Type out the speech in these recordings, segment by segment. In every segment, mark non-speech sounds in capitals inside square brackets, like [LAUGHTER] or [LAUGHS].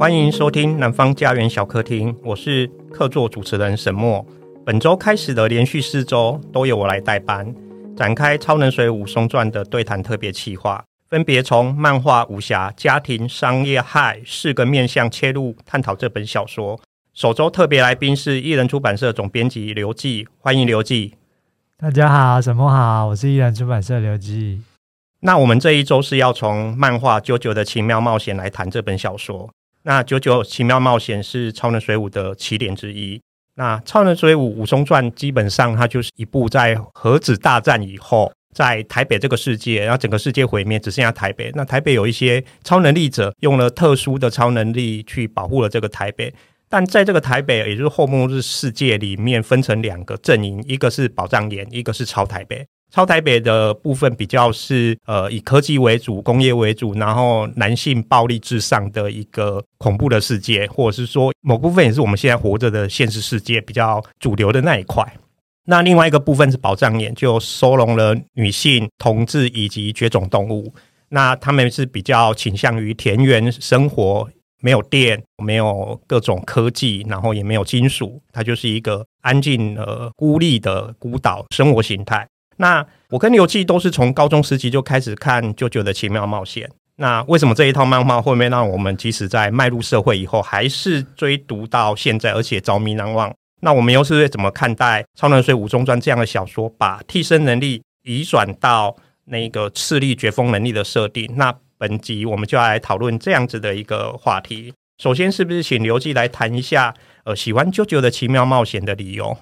歡迎收聽《南方家園小客廳》，我是客座主持人沈默。本周開始的連續四周都由我來代班，展開《超能水滸武松傳》的對談特別企劃，分別從漫畫、武俠、家庭、商業害四個面向切入探討這本小說。首周特別來賓是一人出版社總編輯劉霽，歡迎劉霽。大家好，沈默好，我是一人出版社劉霽。那我們這一周是要從漫畫《JoJo 的奇妙冒險》來談這本小說。那《JoJo 奇妙冒險》是《超能水滸》的起點之一。那《超能水滸》《武松傳》基本上它就是一部在核子大戰以後，在台北這個世界，然後整個世界毀滅，只剩下台北。那台北有一些超能力者用了特殊的超能力去保護了這個台北。但在這個台北，也就是後末日世界裡面，分成兩個陣營，一個是寶藏岩，一個是超台北。超台北的部分比較是呃，以科技為主，工業為主，然後男性暴力至上的一個恐怖的世界，或者是說某部分也是我們現在活着的現實世界比較主流的那一塊。那另外一個部分是保障眼，就收容了女性、同志以及絕種動物。那他們是比較傾向於田園生活，沒有電，沒有各種科技，然後也沒有金屬，它就是一個安靜而孤立的孤島生活形態。那我跟劉霽都是從高中時期就開始看 JoJo 的奇妙冒險？那為什麼這一套漫畫會沒讓我們即使在邁入社會以後還是追讀到現在，而且着迷難忘？那我們又是，是怎麼看待《超能水滸：武松傳》這樣的小說，把替身能力移轉到那個勢力絕峰能力的設定？那本集我們就來討論這樣子的一個話題。首先，是不是請劉霽來談一下，呃，喜歡 JoJo 的奇妙冒險的理由？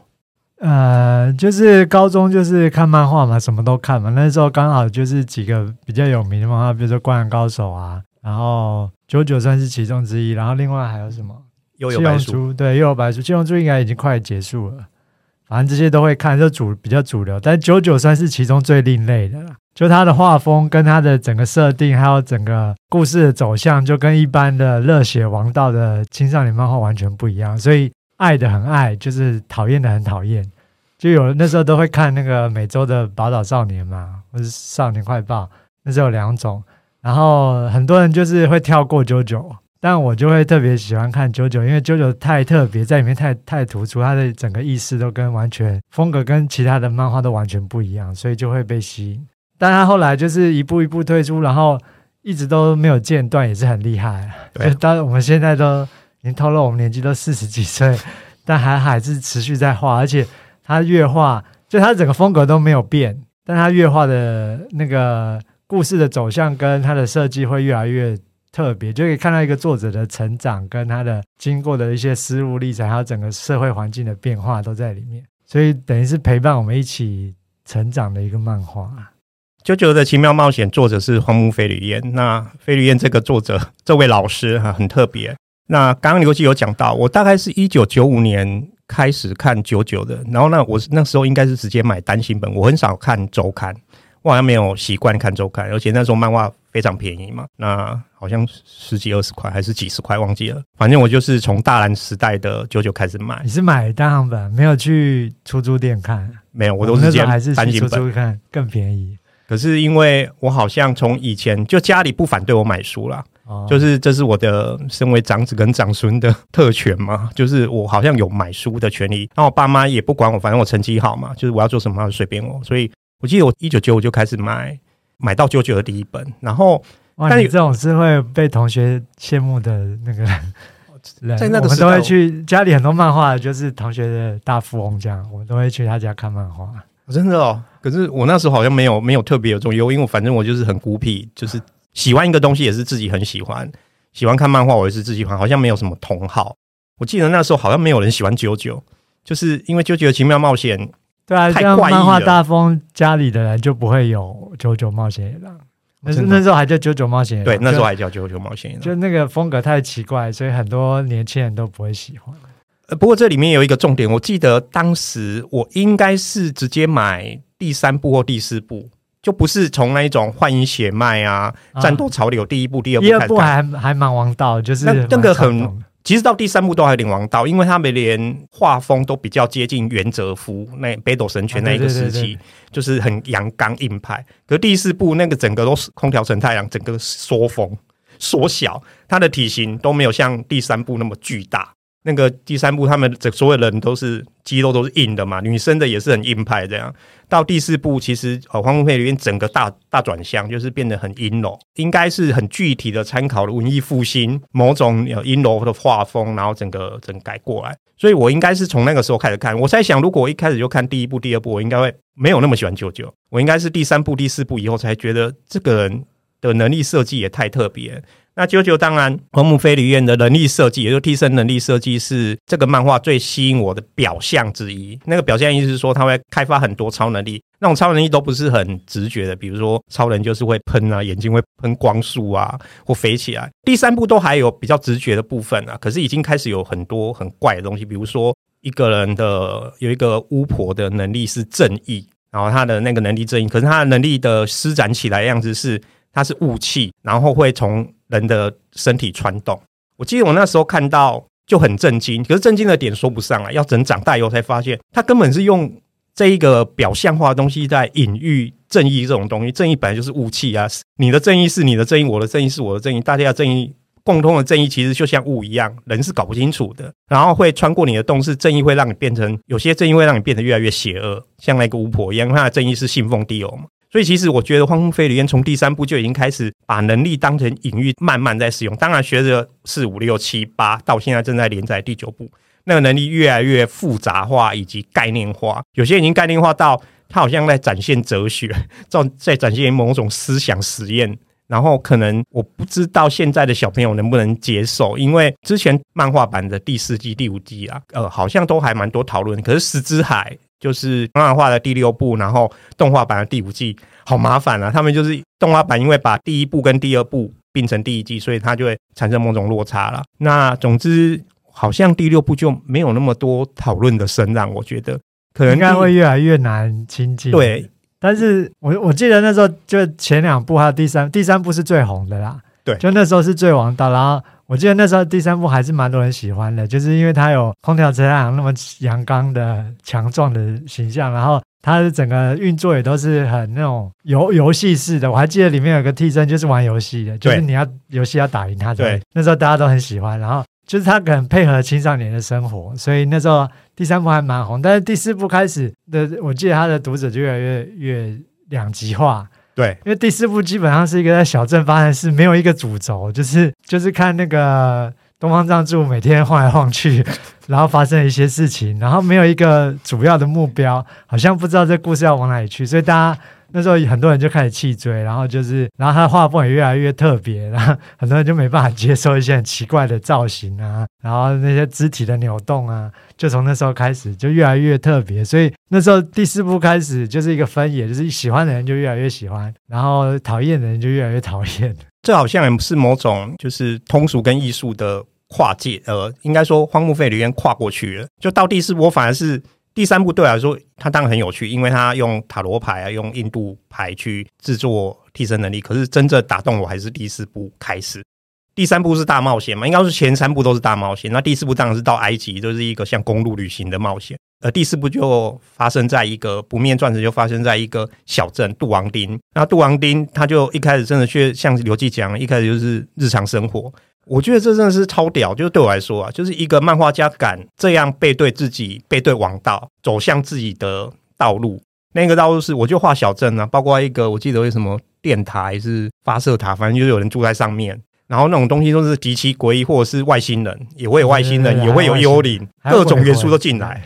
呃，就是高中就是看漫畫嘛，什麼都看嘛。那時候剛好就是幾個比較有名的漫畫，比如說《灌籃高手》啊，然後《JoJo》是其中之一。然後另外還有什麼？又對，《幽遊白書》對，《幽遊白書》、《七龍珠》應該已經快結束了。嗯、反正這些都會看，就主，比較主流。但《JoJo》是其中最另類的了，就它的畫風跟它的整個設定，還有整個故事的走向，就跟一般的熱血王道的青少年漫畫完全不一樣，所以。愛的很愛，就是討厭的很討厭。就有那時候都會看那個《每周的寶島少年》嘛，或是《少年快報》。那時候有兩種，然後很多人就是會跳過 JoJo，但我就會特別喜歡看 JoJo，因為 JoJo 太特別，在裡面太太突出，它的整個意思都跟完全風格跟其他的漫畫都完全不一樣，所以就會被吸引。但他後來就是一步一步推出，然後一直都沒有間斷，也是很厲害。啊、就到我們現在都。您透露我們年紀都四十幾歲，但還還是持續在畫，而且他越畫，就他整個風格都沒有變，但他越畫的那個故事的走向跟他的設計會越來越特別，就可以看到一個作者的成長跟他的經過的一些思路、歷程，還有整個社會環境的變化都在裡面，所以等於是陪伴我們一起成長的一個漫畫。《JoJo 的奇妙冒險》作者是荒木飛呂彥，那飛呂彥這個作者，這位老師哈，很特別。那剛剛劉霽有講到，我大概是一九九五年開始看 JOJO 的，然後呢，我那時候應該是直接買單行本，我很少看周刊，我好像沒有習慣看周刊，而且那時候漫畫非常便宜嘛，那好像十幾二十塊還是幾十塊忘記了，反正我就是從大蘭時代的 JOJO 開始買。你是買單行本，沒有去出租店看？沒有，我都是直接單行本。出租看更便宜。可是因為我好像從以前就家裡不反對我買書啦。就是這是我的身為長子跟長孫的特權嘛，就是我好像有買書的權利。然後我爸媽也不管我，反正我成績好嘛，就是我要做什麼，就隨便我。所以，我記得我一九九五就開始買，買到 JoJo 的第一本。然後但，你這種是會被同學羨慕的那個人。在那個時候，都會去家裡很多漫畫，就是同學的大富翁這樣，我都會去他家看漫畫。真的哦，可是我那時候好像沒有沒有特別有這種優，因為我反正我就是很孤僻，就是。喜歡一個東西也是自己很喜歡，喜歡看漫畫，我也是自己喜歡，好像沒有什麼同好。我記得那時候好像沒有人喜歡 JoJo，就是因為《JoJo 奇妙冒險》對啊，太怪異了。漫畫大風家裡的人就不會有 JoJo 冒險野郎，那時候還叫 JoJo 冒險野郎。的就對，那時候還叫 JoJo 冒險野郎，就那個風格太奇怪，所以很多年輕人都不會喜歡。不過這裡面有一個重點，我記得當時我應該是直接買第三部或第四部。就不是從那一種幻影血脈啊，戰鬥潮流第一部、嗯、第二部還還蠻王道，就是那，那個很，其實到第三部都還挺王道，因為他們連畫風都比較接近原哲夫那個、北斗神拳那一個時期，啊、對對對對，就是很陽剛硬派。可是第四部那個整個都空條承太郎，整個縮風縮小，他的體型都沒有像第三部那麼巨大。那個第三部他們整所有人都是肌肉都是硬的嘛，女生的也是很硬派這樣。到第四部其實呃、哦、荒木飛呂彥裡面整個大大轉向，就是變得很陰柔，應該是很具體的參考了文藝復興某種陰柔的畫風，然後整個整改過來。所以我應該是從那個時候開始看，我在想如果我一開始就看第一部、第二部，我應該會沒有那麼喜歡 JoJo。我應該是第三部、第四部以後才覺得這個人的能力設計也太特別。那 JoJo 當然，荒木飛呂彥的能力設計，也就是替身能力設計，是這個漫畫最吸引我的表象之一。那個表象意思是說，他會開發很多超能力，那種超能力都不是很直覺的，比如說超人就是會噴啊，眼睛會噴光束啊，或飛起來。第三部都還有比較直覺的部分啊，可是已經開始有很多很怪的東西，比如說一個人的有一個巫婆的能力是正義，然後他的那個能力正義，可是他的能力的施展起來的樣子是。它是霧氣，然後會從人的身體穿動。我記得我那時候看到就很震驚，可是震驚的點說不上啊。要等長大以後才發現，他根本是用這一個表象化的東西在隱喻正義這種東西。正義本來就是霧氣啊！你的正義是你的正義，我的正義是我的正義，大家的正義，共通的正義其實就像霧一樣，人是搞不清楚的。然後會穿過你的洞，是正義會讓你變成，有些正義會讓你變得越來越邪惡，像那個巫婆一樣。他的正義是信奉地偶嘛？所以，其實我覺得荒木飛呂彥從第三部就已經開始把能力當成隱喻，慢慢在使用。當然，學着四五六七八，到現在正在連載第九部，那個能力越來越複雜化以及概念化，有些已經概念化到他好像在展現哲學，正在展現某種思想實驗。然後可能我不知道現在的小朋友能不能接受，因為之前漫畫版的第四季、第五季啊，呃，好像都還蠻多討論。可是石之海就是漫畫的第六部，然後動畫版的第五季，好麻煩啊。他們就是動畫版，因為把第一部跟第二部併成第一季，所以它就會產生某種落差了。那總之，好像第六部就沒有那麼多討論的聲浪，我覺得可能應該會越來越難親近。對。但是我我記得那時候就前兩部還有第三第三部是最紅的啦，對，就那時候是最王道。然後我記得那時候第三部還是蠻多人喜歡的，就是因為它有空條承太郎那麼陽剛的強壯的形象，然後它的整個運作也都是很那種遊遊戲式的。我還記得裡面有個替身就是玩遊戲的，就是你要遊戲要打贏他是不是？對，對，那時候大家都很喜歡。然後。就是他可能配合青少年的生活，所以那時候第三部還蠻紅，但是第四部開始的，我記得他的讀者就越來越越兩極化。對，因為第四部基本上是一個在小鎮發生事，沒有一個主軸，就是就是看那個東方仗助每天晃來晃去，然後發生了一些事情，然後沒有一個主要的目標，好像不知道這故事要往哪裡去，所以大家。那時候很多人就開始棄追，然後就是，然後他的畫風也越來越特別，然後很多人就沒辦法接受一些很奇怪的造型啊，然後那些肢體的扭動啊，就從那時候開始就越來越特別。所以那時候第四部開始就是一個分野，就是喜歡的人就越來越喜歡，然後討厭的人就越來越討厭。這好像也是某種就是通俗跟藝術的跨界，呃，應該說荒木飛呂彥跨過去了，就到第四部我反而是。第三部對我來說，它當然很有趣，因為它用塔羅牌啊，用印度牌去製作替身能力。可是真正打動我還是第四部開始。第三部是大冒險嘛，應該是前三部都是大冒險。那第四部當然是到埃及，就是一個像公路旅行的冒險。呃，第四部就發生在一個不滅鑽石，就發生在一個小鎮杜王町。那杜王町他就一開始真的，卻像劉霽講，一開始就是日常生活。我覺得這真的是超屌，就是對我來說啊，就是一個漫畫家敢這樣背對自己背對王道，走向自己的道路。那個道路是，我就畫小鎮啊，包括一個我記得為什麼電台還是發射塔，反正就有人住在上面。然後那種東西都是極其詭異，或者是外星人也會有外星人，對對對也會有幽靈，怪怪各種元素都進來。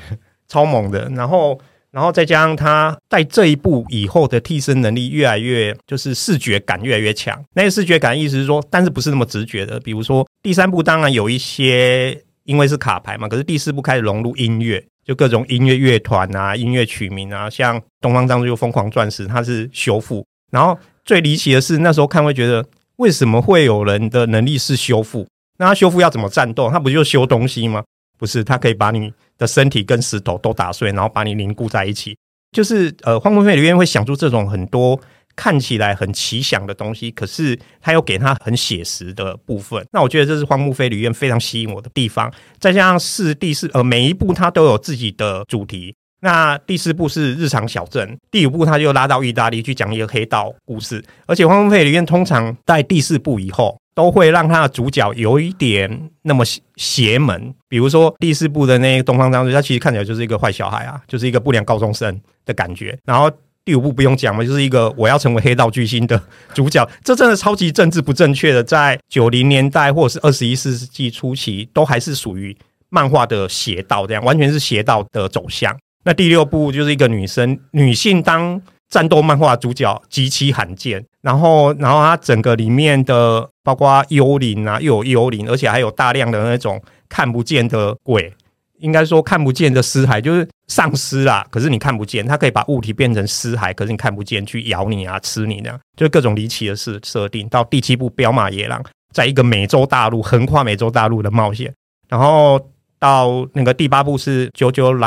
超猛的，然後，然後再加上他，在這一部以後的替身能力越來越，就是視覺感越來越強。那些視覺感意思是說，但是不是那麼直覺的。比如說第三部當然有一些，因為是卡牌嘛，可是第四部開始融入音樂，就各種音樂樂團啊、音樂曲名啊，像東方仗助瘋狂鑽石，它是修復。然後最離奇的是那時候看會覺得，為什麼會有人的能力是修復？那他修復要怎麼戰鬥？他不就修東西嗎？不是，他可以把你的身體跟石頭都打碎，然後把你凝固在一起。就是呃，荒木飛呂彥會想出這種很多看起來很奇想的東西，可是他又給他很寫實的部分。那我覺得這是荒木飛呂彥非常吸引我的地方。再加上是第四呃，每一部他都有自己的主題。那第四部是日常小鎮，第五部他就拉到意大利去講一個黑道故事。而且荒木飛呂彥通常在第四部以後。都會讓他的主角有一點那麼邪邪門，比如說第四部的那個東方仗助，他其實看起來就是一個壞小孩啊，就是一個不良高中生的感覺。然後第五部不用講嘛，就是一個我要成為黑道巨星的主角，這真的超級政治不正確的，在九零年代或者是二十一世紀初期，都還是屬於漫畫的邪道這樣，完全是邪道的走向。那第六部就是一個女生女性當戰鬥漫畫的主角極其罕見，然後然後她整個裡面的。包括幽靈啊，又有幽靈，而且還有大量的那種看不見的鬼，應該說看不見的屍骸就是喪屍啦。可是你看不見，它可以把物體變成屍骸。可是你看不見去咬你啊，吃你的、啊、就是各種離奇的事設定。到第七部《飆馬野郎》在一個美洲大陸，橫跨美洲大陸的冒險。然後到那個第八部是《JOJOLION》，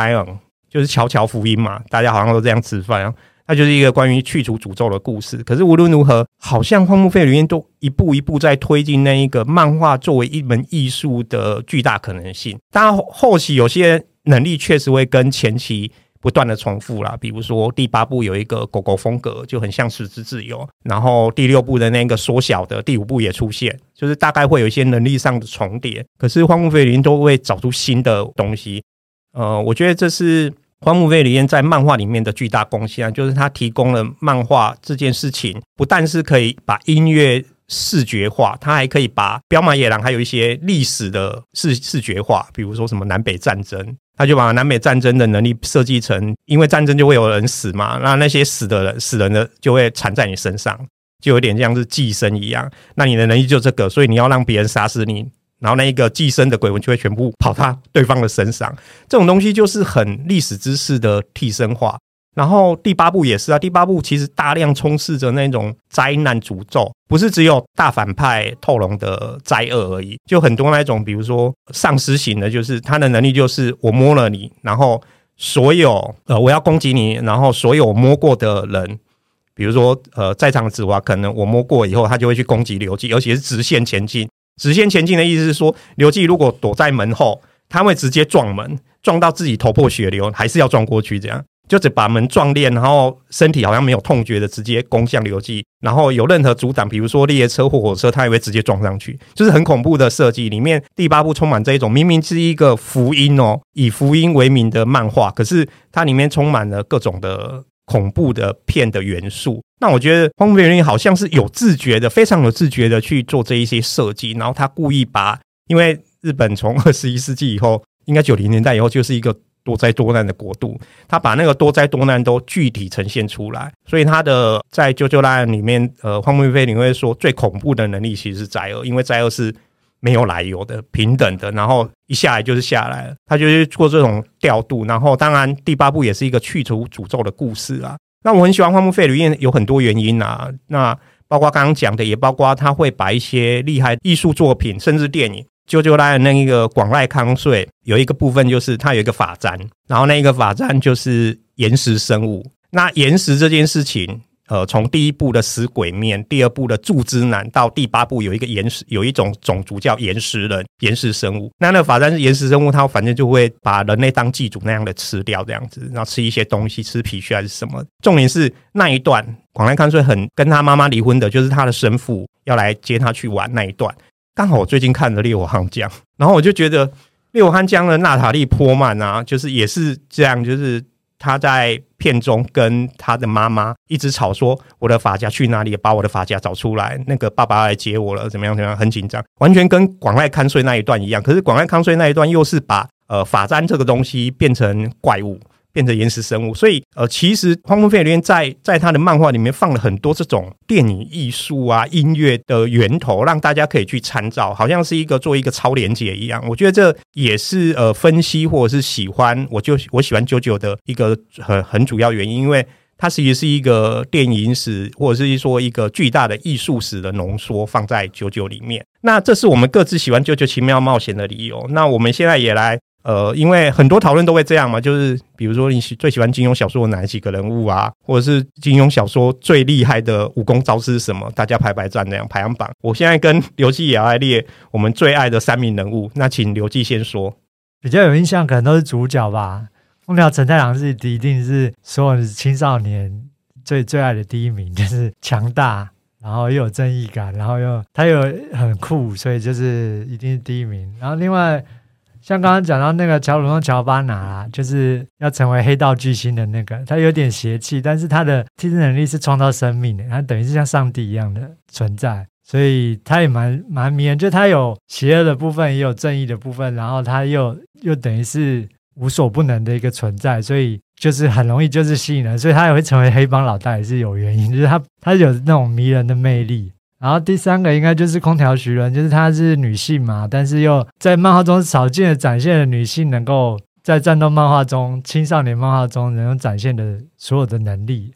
就是《喬喬福音》嘛，大家好像都這樣吃飯啊。它就是一個關於去除詛咒的故事。可是無論如何，好像荒木飛呂彥都一步一步在推進那一個漫畫作為一門藝術的巨大可能性。但後期有些能力確實會跟前期不斷的重複啦，比如說第八部有一個狗狗風格，就很像《石之自由》；然後第六部的那個縮小的，第五部也出現，就是大概會有一些能力上的重疊。可是荒木飛呂彥都會找出新的東西。呃，我覺得這是。荒木飛呂彥在漫畫裡面的巨大貢獻啊，就是他提供了漫畫這件事情，不但是可以把音樂視覺化，他還可以把《飆馬野郎》還有一些歷史的視視覺化，比如說什麼南北戰爭，他就把南北戰爭的能力設計成，因為戰爭就會有人死嘛，那那些死的人死人的就會纏在你身上，就有點像是寄生一樣，那你的能力就這個，所以你要讓別人殺死你。然後那一個寄生的鬼魂就會全部跑他對方的身上，這種東西就是很歷史知識的替身化。然後第八部也是啊，第八部其實大量充斥着那種災難詛咒，不是只有大反派透龍的災厄而已，就很多那種，比如說喪屍型的，就是他的能力就是我摸了你，然後所有呃我要攻擊你，然後所有摸過的人，比如說呃在場的紫娃，可能我摸過以後他就會去攻擊劉霽，尤其是直線前進。直線前進的意思是說，劉季如果躲在門後，他會直接撞門，撞到自己頭破血流，還是要撞過去，這樣就只把門撞裂，然後身體好像沒有痛覺的直接攻向劉季。然後有任何阻擋，比如說列車或火車，他也會直接撞上去，就是很恐怖的設計。裡面第八部充滿這一種，明明是一個福音哦，以福音為名的漫畫，可是它裡面充滿了各種的。恐怖的片的元素，那我覺得荒木飛呂彥好像是有自覺的，非常有自覺的去做這一些設計。然後他故意把，因為日本從二十一世紀以後，應該九零年代以後就是一個多災多難的國度，他把那個多災多難都具體呈現出來。所以他的在《揪揪》拉裡面，呃，荒木飛呂彥會說最恐怖的能力其實是災厄，因為災厄是。沒有來由的、平等的，然後一下來就是下來了，他就是做這種調度，然後當然第八部也是一個去除詛咒的故事啊。那我很喜歡荒木飛呂彥，裡面有很多原因啊。那包括剛剛講的，也包括他會把一些厲害藝術作品，甚至電影。就就，就來的那個廣瀨康穗有一個部分，就是他有一個法簪，然後那個法簪就是岩石生物。那岩石這件事情。呃，從第一部的死鬼面、第二部的柱之男，到第八部有一個岩石，有一種種族叫岩石人、岩石生物。那那個法三是岩石生物，他反正就會把人類當祭祖那樣的吃掉，這樣子，然後吃一些東西，吃皮屑還是什麼。重點是那一段，廣瀨康穗很跟他媽媽離婚的，就是他的生父要來接他去玩那一段。剛好我最近看了《烈火悍將》，然後我就覺得《烈火悍將》的娜塔莉·波曼啊，就是也是這樣，就是他在。片中跟他的媽媽一直吵說：“我的髮夾去哪裡？把我的髮夾找出來！”那個爸爸要來接我了，怎麼樣？怎麼樣？很緊張，完全跟廣瀨康穗那一段一樣。可是廣瀨康穗那一段又是把呃髮簪這個東西變成怪物。變成岩石生物，所以呃，其實荒木飛呂彥在在他的漫畫裡面放了很多這種電影藝術啊、音樂的源頭，讓大家可以去參照，好像是一個做一個超連接一樣。我覺得這也是呃，分析或者是喜歡，我就我喜歡 JoJo 的一個很很主要原因，因為它其實是一個電影史，或者是說一個巨大的藝術史的濃縮，放在 JoJo 裡面。那這是我們各自喜歡 JoJo 奇妙冒險的理由。那我們現在也來。呃，因為很多討論都會這樣嘛，就是比如說你喜最喜歡金庸小說的哪幾個人物啊，或者是金庸小說最厲害的武功招式是什麼，大家排排站那樣排行榜。我現在跟劉霽也要來列我們最愛的三名人物，那請劉霽先說。比較有印象，可能都是主角吧。我料承太郎是一定是所有青少年最最愛的第一名，就是強大，然後又有正義感，然後又他又很酷，所以就是一定是第一名。然後另外。像剛剛講到那個喬魯諾喬巴拿啊，就是要成為黑道巨星的那個，他有點邪氣，但是他的替身能力是創造生命的，他等於是像上帝一樣的存在，所以他也蠻蠻迷人。就他有邪惡的部分，也有正義的部分，然後他又又等於是無所不能的一個存在，所以就是很容易就是吸引人，所以他也會成為黑幫老大也是有原因，就是他他有那種迷人的魅力。然後第三個應該就是空條徐倫，就是她是女性嘛，但是又在漫畫中少見的展現了女性能夠在戰鬥漫畫中，青少年漫畫中能夠展現的所有的能力。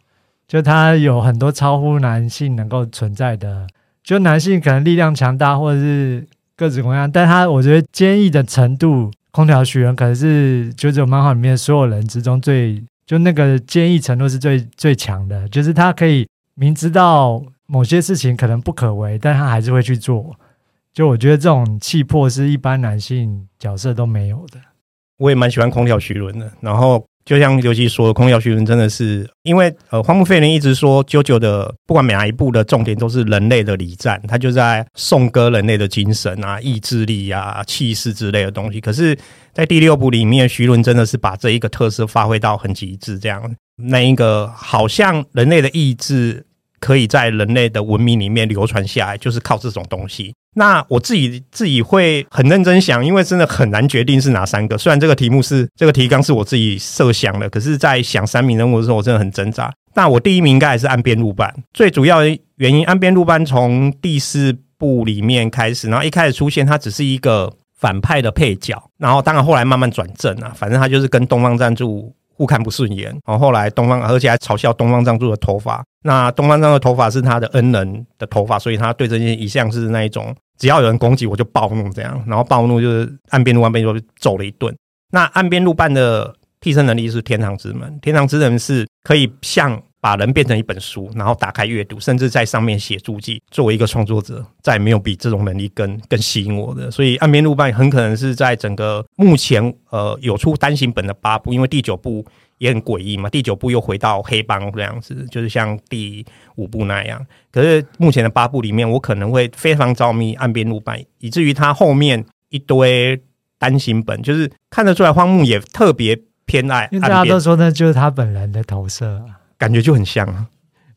就她有很多超乎男性能夠存在的，就男性可能力量強大或者是各種各樣，但她我覺得堅毅的程度，空條徐倫可能是 JOJO 漫畫裡面所有人之中最就那個堅毅程度是最最強的，就是她可以明知道。某些事情可能不可為，但他還是會去做。就我覺得這種氣魄是一般男性角色都沒有的。我也蠻喜歡空條徐倫的。然後就像劉霽說，空條徐倫真的是因為呃，荒木飛呂彥一直說，JoJo 的不管哪一部的重點都是人類的禮讚，他就在頌歌人類的精神啊、意志力啊、氣勢之類的東西。可是，在第六部裡面，徐倫真的是把這一個特色發揮到很極致，這樣那一個好像人類的意志。可以在人類的文明裡面流傳下來，就是靠這種東西。那我自己自己會很認真想，因為真的很難決定是哪三個。雖然這個題目是這個提綱是我自己設想的，可是，在想三名人物的時候，我真的很掙扎。那我第一名應該還是岸邊露伴。最主要原因岸邊露伴從第四部裡面開始，然後一開始出現，它，只是一個反派的配角，然後當然後來慢慢轉正啊，反正它就是跟東方仗助互看不順眼，然後後來東方而且還嘲笑東方仗助的頭髮。那東方仗助的頭髮是他的恩人的頭髮，所以他對這些一向是那一種，只要有人攻擊我就暴怒這樣。然後暴怒就是岸邊露伴就被揍了一頓。那岸邊露伴的替身能力是天堂之門，天堂之門是可以向，把人變成一本書，然後打開閱讀，甚至在上面寫註記。作為一個創作者，再也沒有比這種能力更更吸引我的。所以岸邊露伴很可能是在整個目前呃有出單行本的八部，因為第九部也很詭異嘛。第九部又回到黑幫這樣子，就是像第五部那樣。可是目前的八部裡面，我可能會非常着迷岸邊露伴，以至於他後面一堆單行本，就是看得出來荒木也特別偏愛。因為大家都說那就是他本人的投射啊。感覺就很像啊，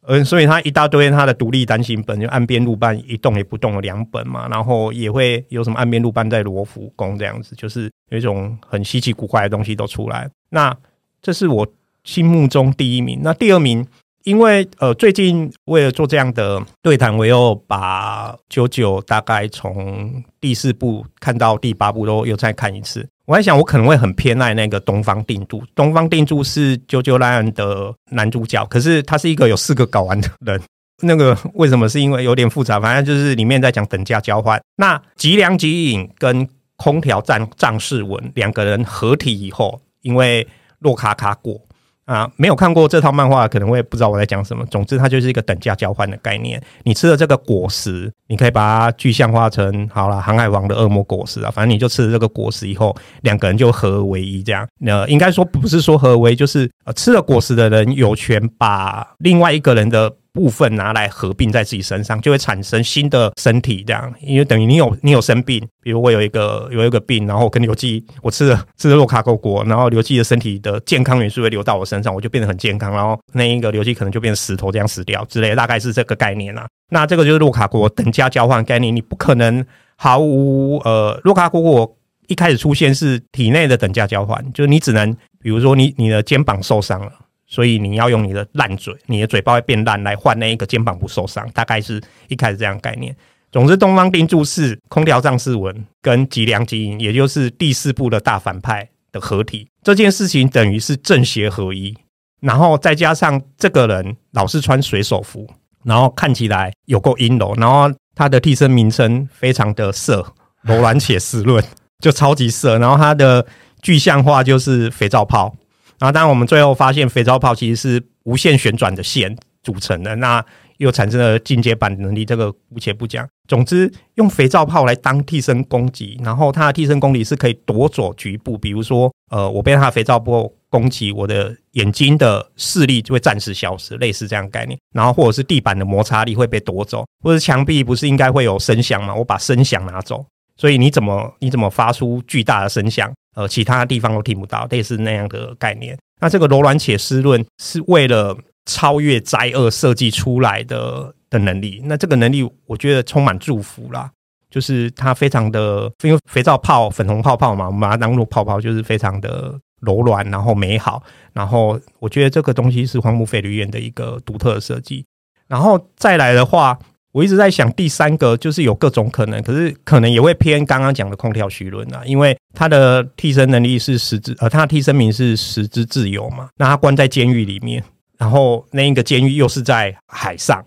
嗯，所以他一大堆他的獨立單行本，就岸邊露伴一動也不動的兩本嘛，然後也會有什麼岸邊露伴在羅浮宮這樣子，就是有一種很稀奇古怪的東西都出來。那這是我心目中第一名。那第二名，因為呃，最近為了做這樣的對談，我又把 JOJO 大概從第四部看到第八部都又再看一次。我在想，我可能會很偏愛那個東方定助，東方定助是《JOJOLION》的男主角，可是他是一個有四個睾丸的人。那個為什麼？是因為有點複雜。反正就是裡面在講等價交換。那吉良吉影跟空條仗世文兩個人合體以後，因為洛卡卡過。啊，沒有看過這套漫畫，可能我也不知道我在講什麼。總之，它就是一個等價交換的概念。你吃了這個果實，你可以把它具象化成好了，《航海王》的惡魔果實啊，反正你就吃了這個果實以後，兩個人就合而為一這樣。那應該說不是說合而為一，就是、呃、吃了果實的人有權把另外一個人的。部分拿來合併在自己身上，就會產生新的身體。這樣，因為等於你有你有生病，比如我有一個有一個病，然後我跟劉霽我吃了吃了洛卡果，然後劉霽的身體的健康元素會流到我身上，我就變得很健康。然後那一個劉霽可能就變成石頭這樣死掉之類的，大概是這個概念啦。那這個就是洛卡果等價交換概念，你不可能毫無呃洛卡果果一開始出現是體內的等價交換，就是你只能比如說你你的肩膀受傷了。所以你要用你的爛嘴，你的嘴巴會變爛來換那一個肩膀不受傷，大概是一開始這樣的概念。總之，東方定助是空條仗世文跟吉良吉影，也就是第四部的大反派的合體，這件事情等於是正邪合一。然後再加上這個人老是穿水手服，然後看起來有夠陰柔，然後他的替身名稱非常的色柔軟且濕潤，就超級色。然後他的具象化就是肥皂泡。然後，當然，我們最後發現肥皂泡其實是無限旋轉的線組成的。那又產生了進階版能力，這個姑且不講。總之，用肥皂泡來當替身攻擊，然後它的替身功力是可以奪走局部，比如說，呃，我被它的肥皂泡攻擊，我的眼睛的視力就會暫時消失，類似這樣概念。然後，或者是地板的摩擦力會被奪走，或者牆壁不是應該會有聲響嗎？我把聲響拿走，所以你怎麼你怎麼發出巨大的聲響？呃，其他地方都聽不到，類似那樣的概念。那這個柔軟且濕潤，是為了超越災厄設計出來的的能力。那這個能力，我覺得充滿祝福啦，就是它非常的，因為肥皂泡、粉紅泡泡嘛，我們把它當做泡泡，就是非常的柔軟，然後美好。然後我覺得這個東西是荒木飛呂彥的一個獨特的設計。然後再來的話。我一直在想，第三個就是有各種可能，可是可能也會偏剛剛講的空條徐倫啊，因為他的替身能力是石之，呃，他的替身名是石之自由嘛，那他關在監獄裡面，然後那一個監獄又是在海上，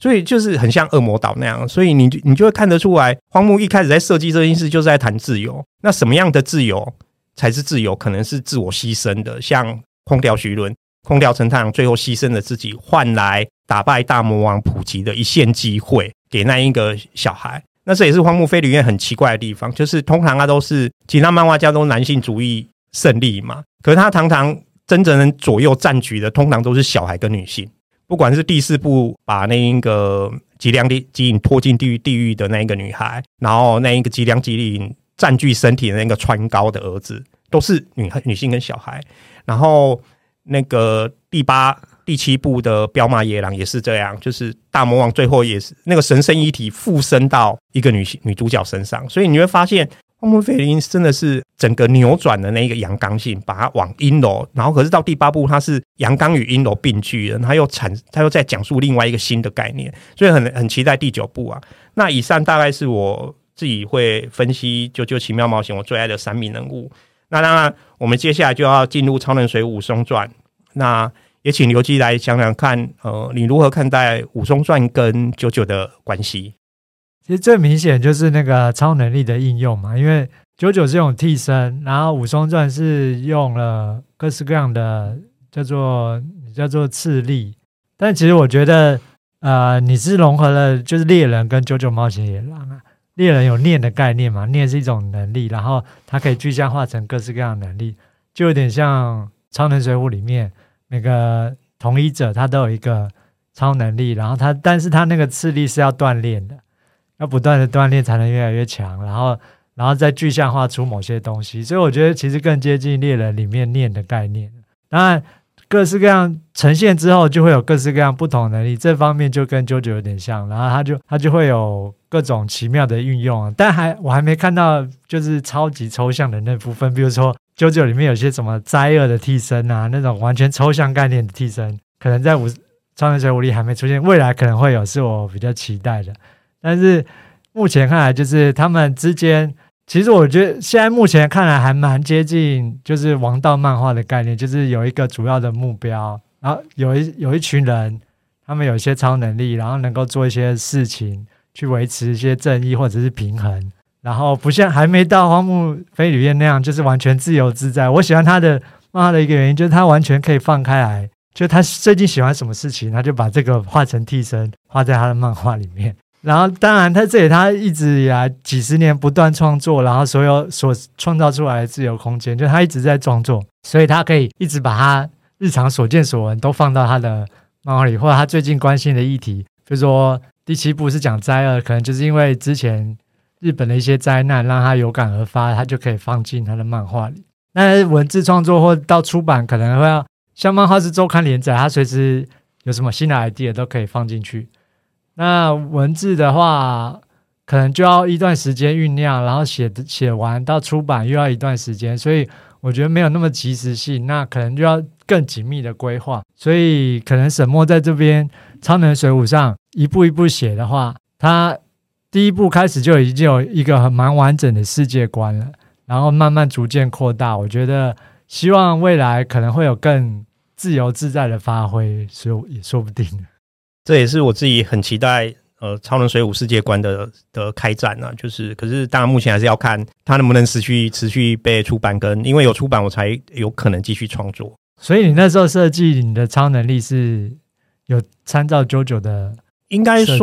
所以就是很像惡魔島那樣，所以你你就會看得出來，荒木一開始在設計這件事，就是在談自由，那什麼樣的自由才是自由？可能是自我犧牲的，像空條徐倫。空調承太郎最後犧牲了自己，換來打敗大魔王普奇的一線機會，給那一個小孩。那這也是荒木飛呂彥很奇怪的地方，就是通常他都是其他漫畫家都男性主義勝利嘛，可是他常常真正左右戰局的，通常都是小孩跟女性。不管是第四部把那一個吉良地吉影拖進地獄地獄的那一個女孩，然後那一個吉良吉影占據身體的那個川尻的兒子，都是女孩女性跟小孩，然後。那個第八、第七部的《飆馬野郎》也是這樣，就是大魔王最後也是那個神聖遺體附身到一個女性女主角身上，所以你會發現荒木飛呂彥真的是整個扭轉的那個陽剛性，把它往陰柔，然後可是到第八部它是陽剛與陰柔並舉了，它又產它又在講述另外一個新的概念，所以很很期待第九部啊。那以上大概是我自己會分析，《JoJo 奇妙冒險》我最愛的三名人物。那當然，我們接下來就要進入《超能水滸·武松傳》，那也請劉霽來講講看，呃，你如何看待《武松傳》跟 JoJo 的關係？其實最明顯就是那個超能力的應用嘛，因為 JoJo 是用替身，然後《武松傳》是用了各式各樣的叫做叫做次力。但其實我覺得，呃，你是融合了就是獵人跟 JoJo 冒險野狼啊。獵人有念的概念嘛？念是一種能力，然後它可以具象化成各式各樣的能力，就有點像《超能水滸》裡面那個統一者，他都有一個超能力，然後他，但是他那個智力是要鍛鍊的，要不斷的鍛鍊才能越來越強，然後，然後再具象化出某些東西，所以我覺得其實更接近獵人裡面念的概念。當然。各式各樣呈現之後，就會有各式各樣不同的能力。這方面就跟 JoJo 有點像，然後它就它就會有各種奇妙的運用啊。但還我還沒看到，就是超級抽象的那部分，比如說 JoJo 裡面有些什麼災厄的替身啊，那種完全抽象概念的替身，可能在超能水滸武松傳裡還沒出現，未來可能會有，是我比較期待的。但是目前看來，就是他們之間。其實我覺得現在目前看來還蠻接近，就是王道漫畫的概念，就是有一個主要的目標，然後有一有一群人，他們有一些超能力，然後能夠做一些事情去維持一些正義或者是平衡。然後不像，還沒到荒木飛呂彥那樣，就是完全自由自在。我喜歡他的漫畫的一個原因，就是他完全可以放開來，就他最近喜歡什麼事情，他就把這個畫成替身，畫在他的漫畫裡面。然後，當然，他這裡他一直以來幾十年不斷創作，然後所有所創造出來的自由空間，就他一直在創作，所以他可以一直把他日常所見所聞都放到他的漫畫裡，或者他最近關心的議題，就是說第七部是講災厄，可能就是因為之前日本的一些災難讓他有感而發，他就可以放進他的漫畫裡。那文字創作或到出版可能會要像漫畫是週刊連載，他隨時有什麼新的 idea 都可以放進去。那文字的話，可能就要一段時間醞釀，然後寫寫完到出版又要一段時間，所以我覺得沒有那麼及時性。那可能就要更緊密的規劃。所以可能沈默在這邊《超能水滸》上一步一步寫的話，他第一步開始就已經有一個很蠻完整的世界觀了，然後慢慢逐漸擴大。我覺得希望未來可能會有更自由自在的發揮，所以也說不定。這也是我自己很期待，呃，超能水滸世界觀的的開展呢、啊。就是，可是當然目前還是要看它能不能持續持續被出版根，跟，因為有出版我才有可能繼續創作。所以你那時候設計你的超能力是有參照 JoJo 的？應該說，